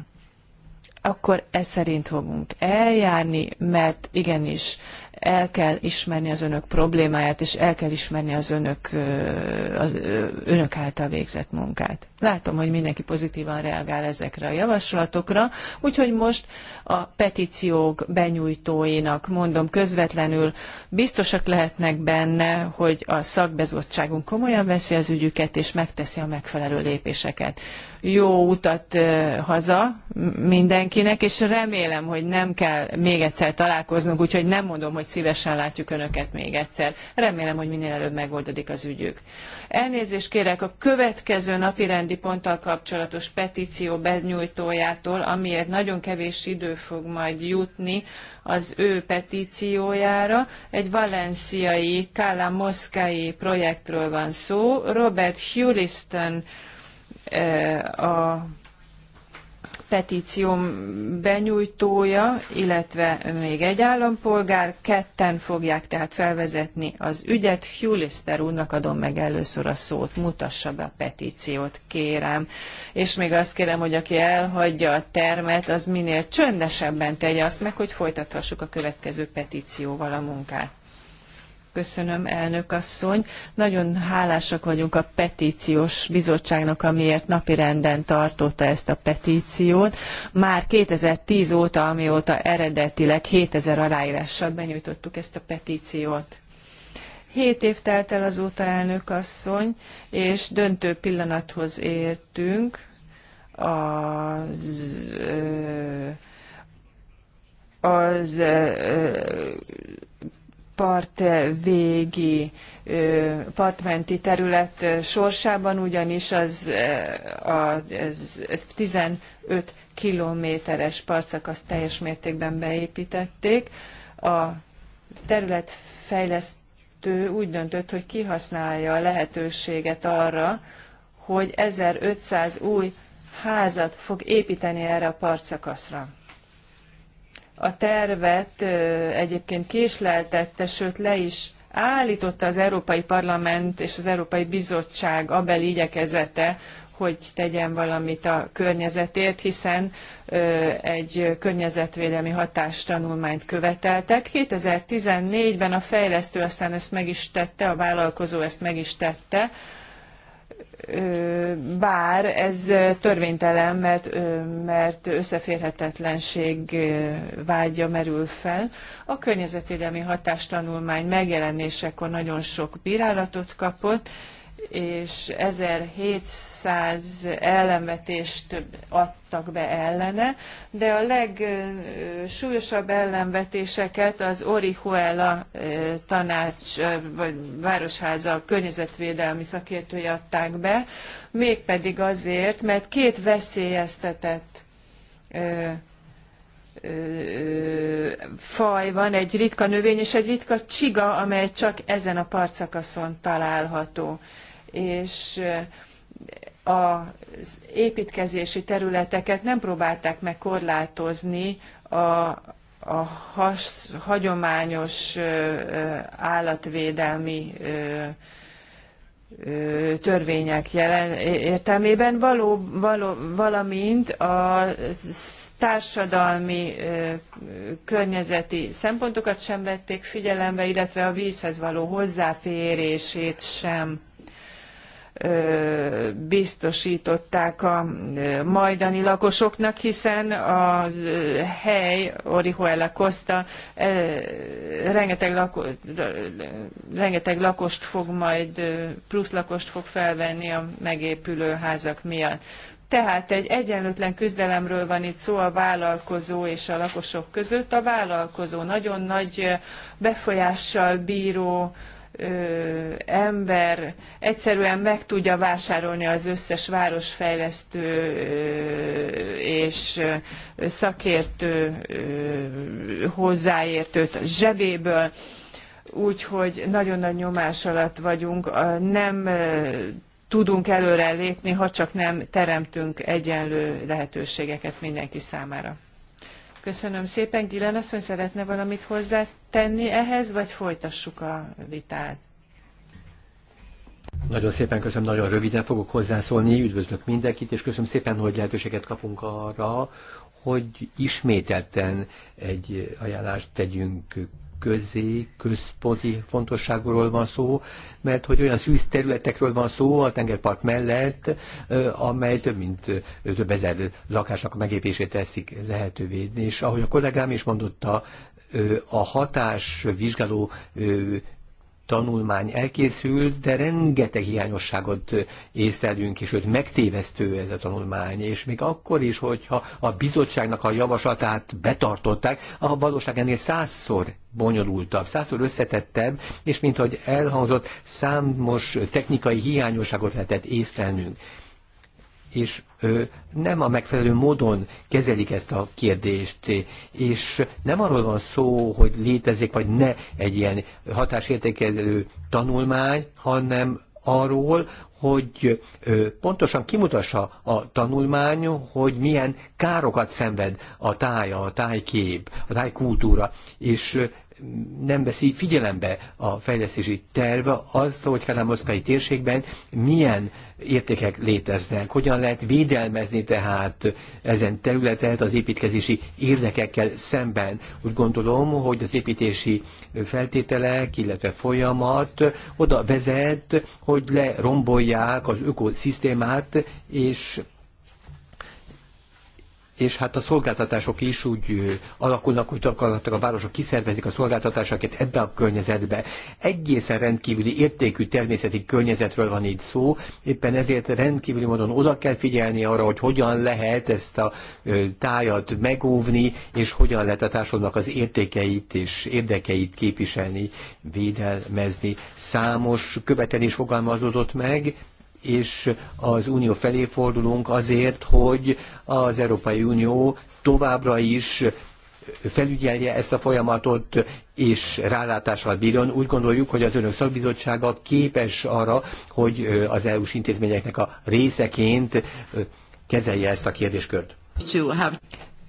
akkor e szerint fogunk eljárni, mert igenis el kell ismerni az önök problémáját, és el kell ismerni az önök, az önök által végzett munkát. Látom, hogy mindenki pozitívan reagál ezekre a javaslatokra, úgyhogy most a petíciók benyújtóinak mondom közvetlenül, biztosak lehetnek benne, hogy a szakbezottságunk komolyan veszi az ügyüket, és megteszi a megfelelő lépéseket jó utat haza mindenkinek, és remélem, hogy nem kell még egyszer találkoznunk, úgyhogy nem mondom, hogy szívesen látjuk Önöket még egyszer. Remélem, hogy minél előbb megoldadik az ügyük. Elnézést kérek a következő napi rendi ponttal kapcsolatos petíció benyújtójától, amiért nagyon kevés idő fog majd jutni az ő petíciójára. Egy valenciai Kála Moszkai projektről van szó. Robert Hewliston a petíció benyújtója, illetve még egy állampolgár, ketten fogják tehát felvezetni az ügyet. Hulister úrnak adom meg először a szót, mutassa be a petíciót, kérem. És még azt kérem, hogy aki elhagyja a termet, az minél csöndesebben tegye azt meg, hogy folytathassuk a következő petícióval a munkát. Köszönöm, elnök asszony. Nagyon hálásak vagyunk a petíciós bizottságnak, amiért napirenden tartotta ezt a petíciót. Már 2010 óta, amióta eredetileg 7000 aláírással benyújtottuk ezt a petíciót. Hét év telt el azóta, elnök asszony, és döntő pillanathoz értünk. Az, az, az partvégi partmenti terület sorsában, ugyanis az a 15 kilométeres partszakasz teljes mértékben beépítették. A területfejlesztő úgy döntött, hogy kihasználja a lehetőséget arra, hogy 1500 új házat fog építeni erre a partszakaszra a tervet egyébként késleltette, sőt le is állította az Európai Parlament és az Európai Bizottság abeli igyekezete, hogy tegyen valamit a környezetért, hiszen egy környezetvédelmi hatástanulmányt követeltek. 2014-ben a fejlesztő aztán ezt meg is tette, a vállalkozó ezt meg is tette, bár ez törvénytelen, mert, mert összeférhetetlenség vágya merül fel. A környezetvédelmi hatástanulmány megjelenésekor nagyon sok bírálatot kapott, és 1700 ellenvetést adtak be ellene, de a legsúlyosabb ellenvetéseket az Orihuela tanács, vagy Városháza környezetvédelmi szakértője adták be, mégpedig azért, mert két veszélyeztetett faj van, egy ritka növény és egy ritka csiga, amely csak ezen a partszakaszon található és eh, az építkezési területeket nem próbálták meg korlátozni a, a has, hagyományos eh, eh, állatvédelmi törvények jelen értelmében, való, való, valamint a társadalmi környezeti szempontokat sem vették figyelembe, illetve a vízhez való hozzáférését sem biztosították a majdani lakosoknak, hiszen a hely, Orihuela Costa, rengeteg, lako, rengeteg lakost fog majd, plusz lakost fog felvenni a megépülő házak miatt. Tehát egy egyenlőtlen küzdelemről van itt szó a vállalkozó és a lakosok között. A vállalkozó nagyon nagy befolyással bíró ember egyszerűen meg tudja vásárolni az összes városfejlesztő és szakértő hozzáértőt zsebéből, úgyhogy nagyon nagy nyomás alatt vagyunk, nem tudunk előre lépni, ha csak nem teremtünk egyenlő lehetőségeket mindenki számára. Köszönöm szépen. Gilen asszony szeretne valamit tenni ehhez, vagy folytassuk a vitát? Nagyon szépen köszönöm, nagyon röviden fogok hozzászólni, üdvözlök mindenkit, és köszönöm szépen, hogy lehetőséget kapunk arra, hogy ismételten egy ajánlást tegyünk közé, központi fontosságúról van szó, mert hogy olyan szűz területekről van szó a tengerpart mellett, amely több mint több ezer lakásnak a megépését teszik lehetővé. És ahogy a kollégám is mondotta, a hatás vizsgáló tanulmány elkészült, de rengeteg hiányosságot észlelünk, és őt megtévesztő ez a tanulmány, és még akkor is, hogyha a bizottságnak a javaslatát betartották, a valóság ennél százszor bonyolultabb, százszor összetettebb, és mint ahogy elhangzott, számos technikai hiányosságot lehetett észlelnünk és nem a megfelelő módon kezelik ezt a kérdést, és nem arról van szó, hogy létezik vagy ne egy ilyen hatásértékelő tanulmány, hanem arról, hogy pontosan kimutassa a tanulmány, hogy milyen károkat szenved a táj, a tájkép, a tájkultúra, és nem veszi figyelembe a fejlesztési terv azt, hogy kell térségben milyen értékek léteznek, hogyan lehet védelmezni tehát ezen területet az építkezési érdekekkel szemben. Úgy gondolom, hogy az építési feltételek, illetve folyamat oda vezet, hogy lerombolják az ökoszisztémát, és és hát a szolgáltatások is úgy alakulnak, hogy a városok kiszervezik a szolgáltatásokat ebbe a környezetbe. Egészen rendkívüli értékű természeti környezetről van itt szó, éppen ezért rendkívüli módon oda kell figyelni arra, hogy hogyan lehet ezt a tájat megóvni, és hogyan lehet a társadalomnak az értékeit és érdekeit képviselni, védelmezni. Számos követelés fogalmazódott meg, és az Unió felé fordulunk azért, hogy az Európai Unió továbbra is felügyelje ezt a folyamatot, és rálátással bírjon. Úgy gondoljuk, hogy az önök szakbizottsága képes arra, hogy az EU-s intézményeknek a részeként kezelje ezt a kérdéskört.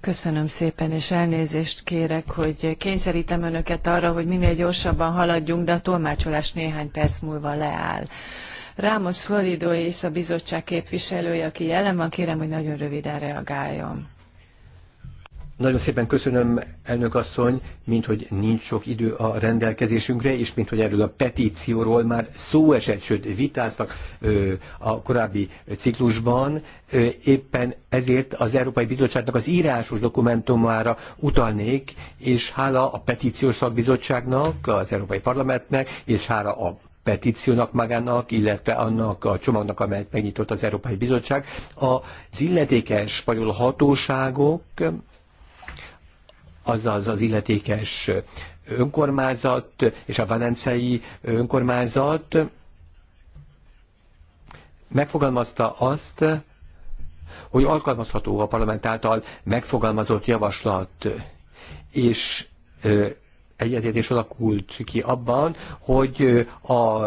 Köszönöm szépen, és elnézést kérek, hogy kényszerítem önöket arra, hogy minél gyorsabban haladjunk, de a tolmácsolás néhány perc múlva leáll. Rámos Florido és a bizottság képviselője, aki jelen van, kérem, hogy nagyon röviden reagáljon. Nagyon szépen köszönöm, elnök asszony, mint hogy nincs sok idő a rendelkezésünkre, és mint hogy erről a petícióról már szó esett, sőt vitáztak ö, a korábbi ciklusban, ö, éppen ezért az Európai Bizottságnak az írásos dokumentumára utalnék, és hála a petíciós szakbizottságnak, az Európai Parlamentnek, és hála a petíciónak magának, illetve annak a csomagnak, amelyet megnyitott az Európai Bizottság. Az illetékes spanyol hatóságok, azaz az illetékes önkormányzat és a valencei önkormányzat megfogalmazta azt, hogy alkalmazható a parlament által megfogalmazott javaslat, és egyetértés alakult ki abban, hogy a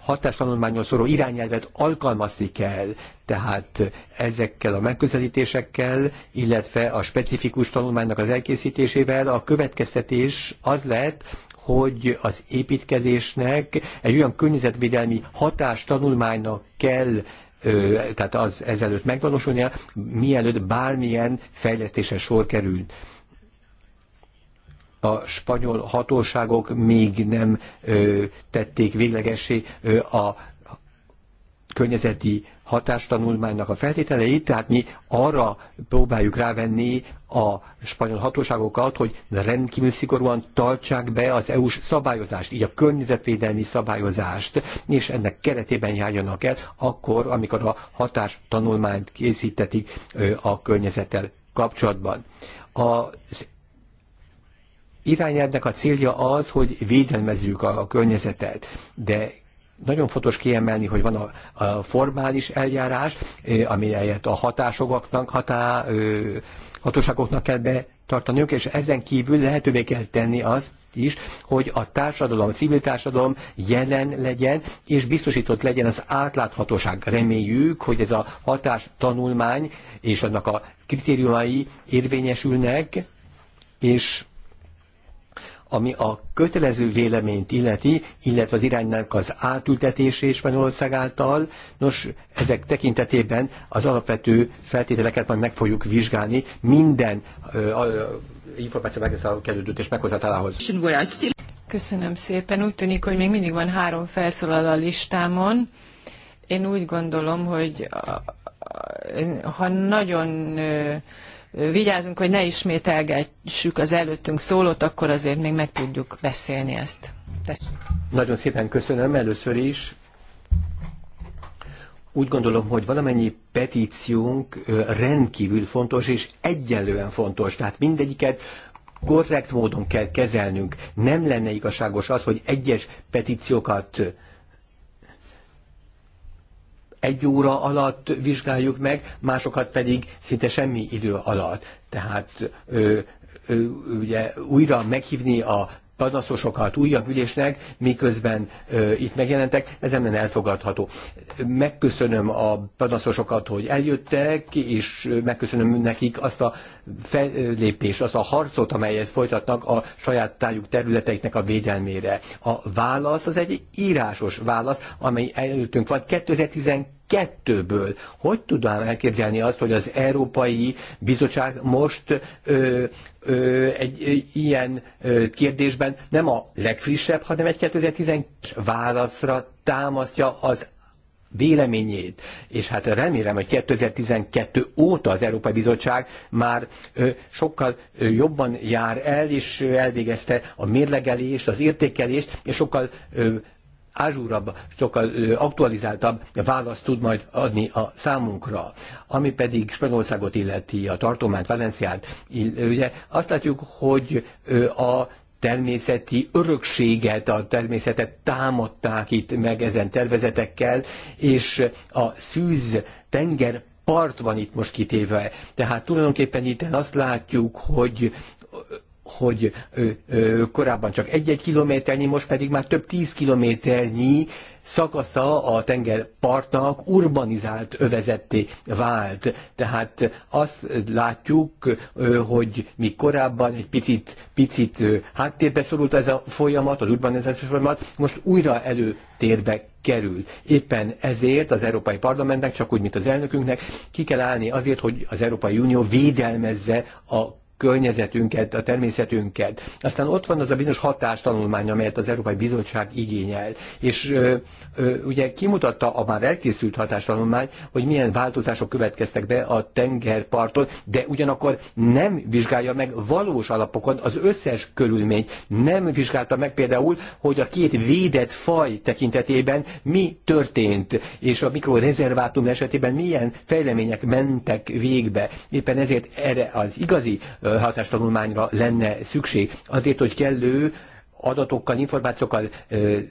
hatástanulmányon szóró irányelvet alkalmazni kell, tehát ezekkel a megközelítésekkel, illetve a specifikus tanulmánynak az elkészítésével a következtetés az lett, hogy az építkezésnek egy olyan környezetvédelmi hatástanulmánynak kell tehát az ezelőtt megvalósulnia, mielőtt bármilyen fejlesztése sor kerül a spanyol hatóságok még nem ö, tették véglegesé ö, a környezeti hatástanulmánynak a feltételeit, tehát mi arra próbáljuk rávenni a spanyol hatóságokat, hogy rendkívül szigorúan tartsák be az EU-s szabályozást, így a környezetvédelmi szabályozást, és ennek keretében járjanak el, akkor, amikor a hatástanulmányt készítetik a környezettel kapcsolatban. Az irányelvnek a célja az, hogy védelmezzük a környezetet, de nagyon fontos kiemelni, hogy van a, a formális eljárás, amelyet a hatásoknak, hatá, hatóságoknak kell betartaniuk, és ezen kívül lehetővé kell tenni azt is, hogy a társadalom, a civil társadalom jelen legyen, és biztosított legyen az átláthatóság. Reméljük, hogy ez a hatás tanulmány és annak a kritériumai érvényesülnek, és ami a kötelező véleményt illeti, illetve az iránynak az átültetése Ismerország által. Nos, ezek tekintetében az alapvető feltételeket majd meg fogjuk vizsgálni minden információ megkezdődött és meghozatalához. Köszönöm szépen. Úgy tűnik, hogy még mindig van három felszólal a listámon. Én úgy gondolom, hogy ha nagyon vigyázunk, hogy ne ismételgessük az előttünk szólót, akkor azért még meg tudjuk beszélni ezt. Tessék. Nagyon szépen köszönöm először is. Úgy gondolom, hogy valamennyi petíciónk rendkívül fontos és egyenlően fontos. Tehát mindegyiket korrekt módon kell kezelnünk. Nem lenne igazságos az, hogy egyes petíciókat egy óra alatt vizsgáljuk meg, másokat pedig szinte semmi idő alatt. Tehát ö, ö, ugye újra meghívni a panaszosokat újabb ülésnek, miközben ö, itt megjelentek, ez nem elfogadható. Megköszönöm a panaszosokat, hogy eljöttek, és megköszönöm nekik azt a fellépést, azt a harcot, amelyet folytatnak a saját tájuk területeiknek a védelmére. A válasz az egy írásos válasz, amely előttünk van. 2012 kettőből. Hogy tudnám elképzelni azt, hogy az Európai Bizottság most ö, ö, egy ö, ilyen ö, kérdésben nem a legfrissebb, hanem egy 2010 válaszra támasztja az véleményét, és hát remélem, hogy 2012 óta az Európai Bizottság már ö, sokkal ö, jobban jár el, és ö, elvégezte a mérlegelést, az értékelést, és sokkal ö, ázsúrabb, sokkal aktualizáltabb választ tud majd adni a számunkra. Ami pedig Spanyolországot illeti, a tartományt, Valenciát, ugye azt látjuk, hogy a természeti örökséget, a természetet támadták itt meg ezen tervezetekkel, és a szűz tenger part van itt most kitéve. Tehát tulajdonképpen itt azt látjuk, hogy hogy korábban csak egy-egy kilométernyi, most pedig már több tíz kilométernyi szakasza a tengerpartnak urbanizált övezetté vált. Tehát azt látjuk, hogy mi korábban egy picit, picit háttérbe szorult ez a folyamat, az urbanizációs folyamat, most újra előtérbe kerül. Éppen ezért az Európai Parlamentnek, csak úgy, mint az elnökünknek, ki kell állni azért, hogy az Európai Unió védelmezze a környezetünket, a természetünket. Aztán ott van az a bizonyos hatástanulmány, amelyet az Európai Bizottság igényel. És ö, ö, ugye kimutatta a már elkészült hatástanulmány, hogy milyen változások következtek be a tengerparton, de ugyanakkor nem vizsgálja meg valós alapokon az összes körülményt. Nem vizsgálta meg például, hogy a két védett faj tekintetében mi történt, és a mikrorezervátum esetében milyen fejlemények mentek végbe. Éppen ezért erre az igazi hatástanulmányra lenne szükség, azért, hogy kellő adatokkal, információkkal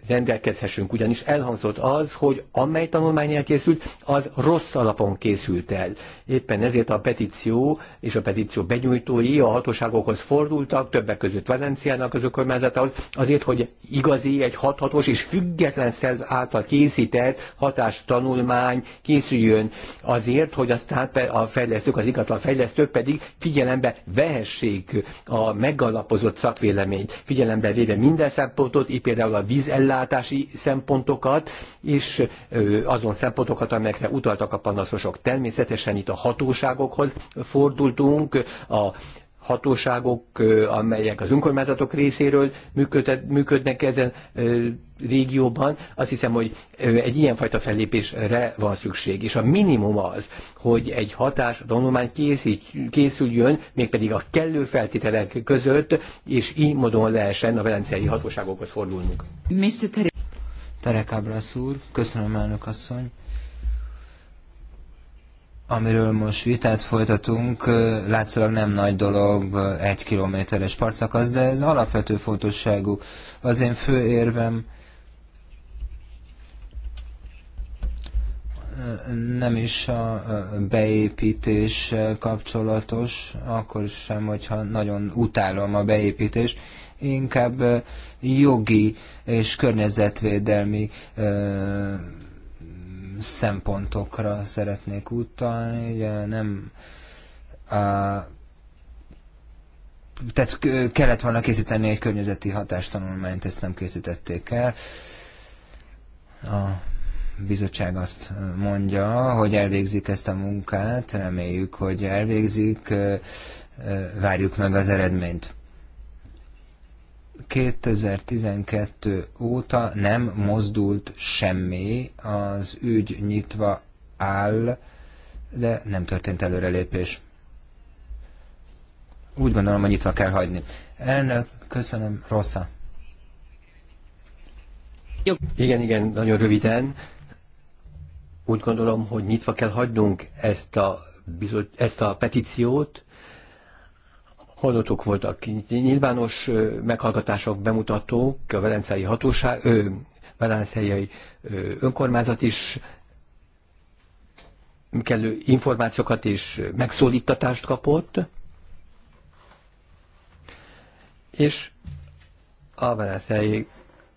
rendelkezhessünk. Ugyanis elhangzott az, hogy amely tanulmány elkészült, az rossz alapon készült el. Éppen ezért a petíció és a petíció benyújtói a hatóságokhoz fordultak, többek között Valenciának az önkormányzatához, azért, hogy igazi, egy hathatós és független szerv által készített hatástanulmány készüljön azért, hogy aztán a fejlesztők, az igatlan fejlesztők pedig figyelembe vehessék a megalapozott szakvéleményt, figyelembe véve minden szempontot, így például a vízellátási szempontokat, és azon szempontokat, amelyekre utaltak a panaszosok. Természetesen itt a hatóságokhoz fordultunk, a hatóságok, amelyek az önkormányzatok részéről működhet, működnek ezen régióban, azt hiszem, hogy egy ilyenfajta fellépésre van szükség. És a minimum az, hogy egy hatás tanulmány készüljön, mégpedig a kellő feltételek között, és így módon lehessen a velencei hatóságokhoz fordulnunk. Mr. Terek Ábrász úr, köszönöm elnök asszony amiről most vitát folytatunk, látszólag nem nagy dolog, egy kilométeres partszakasz, de ez alapvető fontosságú. Az én fő érvem nem is a beépítés kapcsolatos, akkor sem, hogyha nagyon utálom a beépítést, inkább jogi és környezetvédelmi szempontokra szeretnék utalni, ugye nem a, tehát kellett volna készíteni egy környezeti hatástanulmányt, ezt nem készítették el. A bizottság azt mondja, hogy elvégzik ezt a munkát, reméljük, hogy elvégzik, várjuk meg az eredményt. 2012 óta nem mozdult semmi, az ügy nyitva áll, de nem történt előrelépés. Úgy gondolom, hogy nyitva kell hagyni. Elnök, köszönöm, Jó. Igen, igen, nagyon röviden. Úgy gondolom, hogy nyitva kell hagynunk ezt a, bizot, ezt a petíciót, Hallottuk voltak nyilvános meghallgatások, bemutatók, a velencei hatóság, ö, velencei önkormányzat is kellő információkat és megszólítatást kapott, és a velencei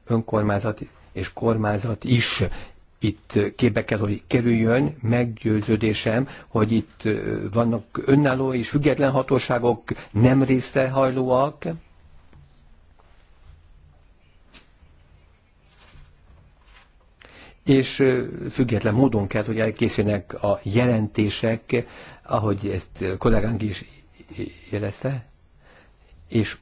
önkormányzat és kormányzat is itt képbe kell, hogy kerüljön, meggyőződésem, hogy itt vannak önálló és független hatóságok, nem részrehajlóak, és független módon kell, hogy elkészüljenek a jelentések, ahogy ezt kollégánk is jelezte, és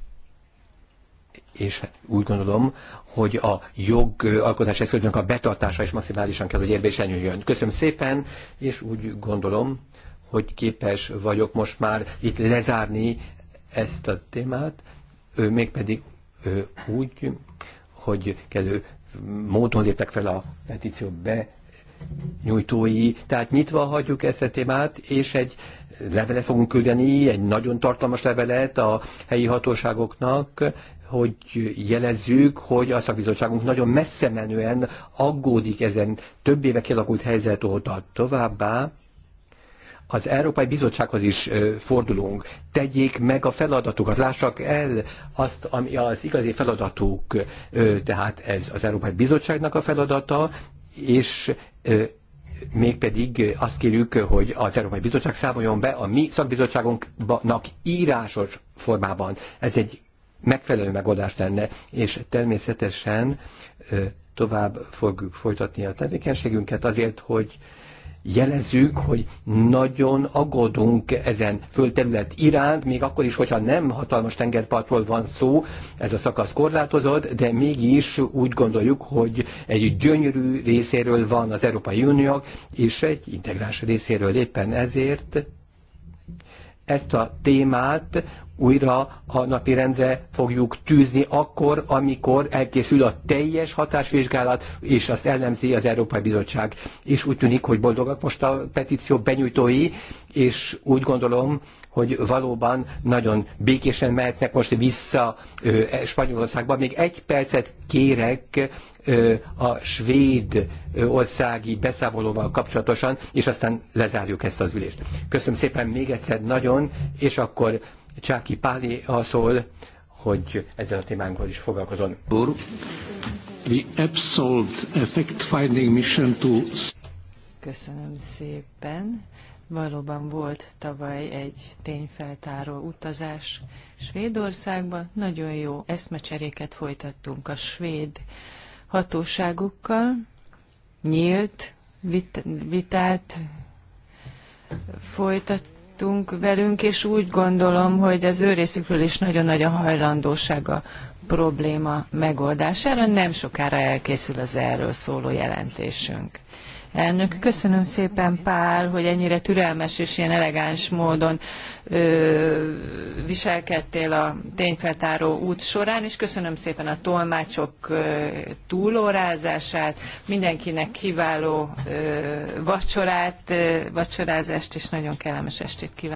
és úgy gondolom, hogy a jogalkotás eszközöknek a betartása is maximálisan kell, hogy érvényesüljön. Köszönöm szépen, és úgy gondolom, hogy képes vagyok most már itt lezárni ezt a témát, mégpedig úgy, hogy kellő módon léptek fel a petíció be nyújtói. Tehát nyitva hagyjuk ezt a témát, és egy levele fogunk küldeni, egy nagyon tartalmas levelet a helyi hatóságoknak, hogy jelezzük, hogy a szakbizottságunk nagyon messze menően aggódik ezen több éve kialakult helyzet óta. Továbbá az Európai Bizottsághoz is fordulunk. Tegyék meg a feladatukat, lássak el azt, ami az igazi feladatuk. Tehát ez az Európai Bizottságnak a feladata, és mégpedig azt kérjük, hogy az Európai Bizottság számoljon be a mi szakbizottságunknak írásos formában. Ez egy megfelelő megoldás lenne, és természetesen tovább fogjuk folytatni a tevékenységünket azért, hogy jelezzük, hogy nagyon aggódunk ezen földterület iránt, még akkor is, hogyha nem hatalmas tengerpartról van szó, ez a szakasz korlátozott, de mégis úgy gondoljuk, hogy egy gyönyörű részéről van az Európai Unió, és egy integráns részéről éppen ezért ezt a témát újra a napirendre fogjuk tűzni akkor, amikor elkészül a teljes hatásvizsgálat, és azt ellenzi az Európai Bizottság. És úgy tűnik, hogy boldogak most a petíció benyújtói, és úgy gondolom, hogy valóban nagyon békésen mehetnek most vissza ö, e, Spanyolországba. Még egy percet kérek ö, a svéd ö, országi beszámolóval kapcsolatosan, és aztán lezárjuk ezt az ülést. Köszönöm szépen még egyszer nagyon, és akkor Csáki Páli szól, hogy ezzel a témánkkal is foglalkozon. The Absolved Effect Finding Mission to... Köszönöm szépen. Valóban volt tavaly egy tényfeltáró utazás Svédországba. Nagyon jó eszmecseréket folytattunk a svéd hatóságukkal. Nyílt vit- vitát folytat, voltunk velünk, és úgy gondolom, hogy az ő részükről is nagyon nagy a hajlandóság a probléma megoldására. Nem sokára elkészül az erről szóló jelentésünk. Elnök, köszönöm szépen Pál, hogy ennyire türelmes és ilyen elegáns módon ö, viselkedtél a tényfeltáró út során, és köszönöm szépen a tolmácsok ö, túlórázását, mindenkinek kiváló ö, vacsorát, ö, vacsorázást, és nagyon kellemes estét kívánok.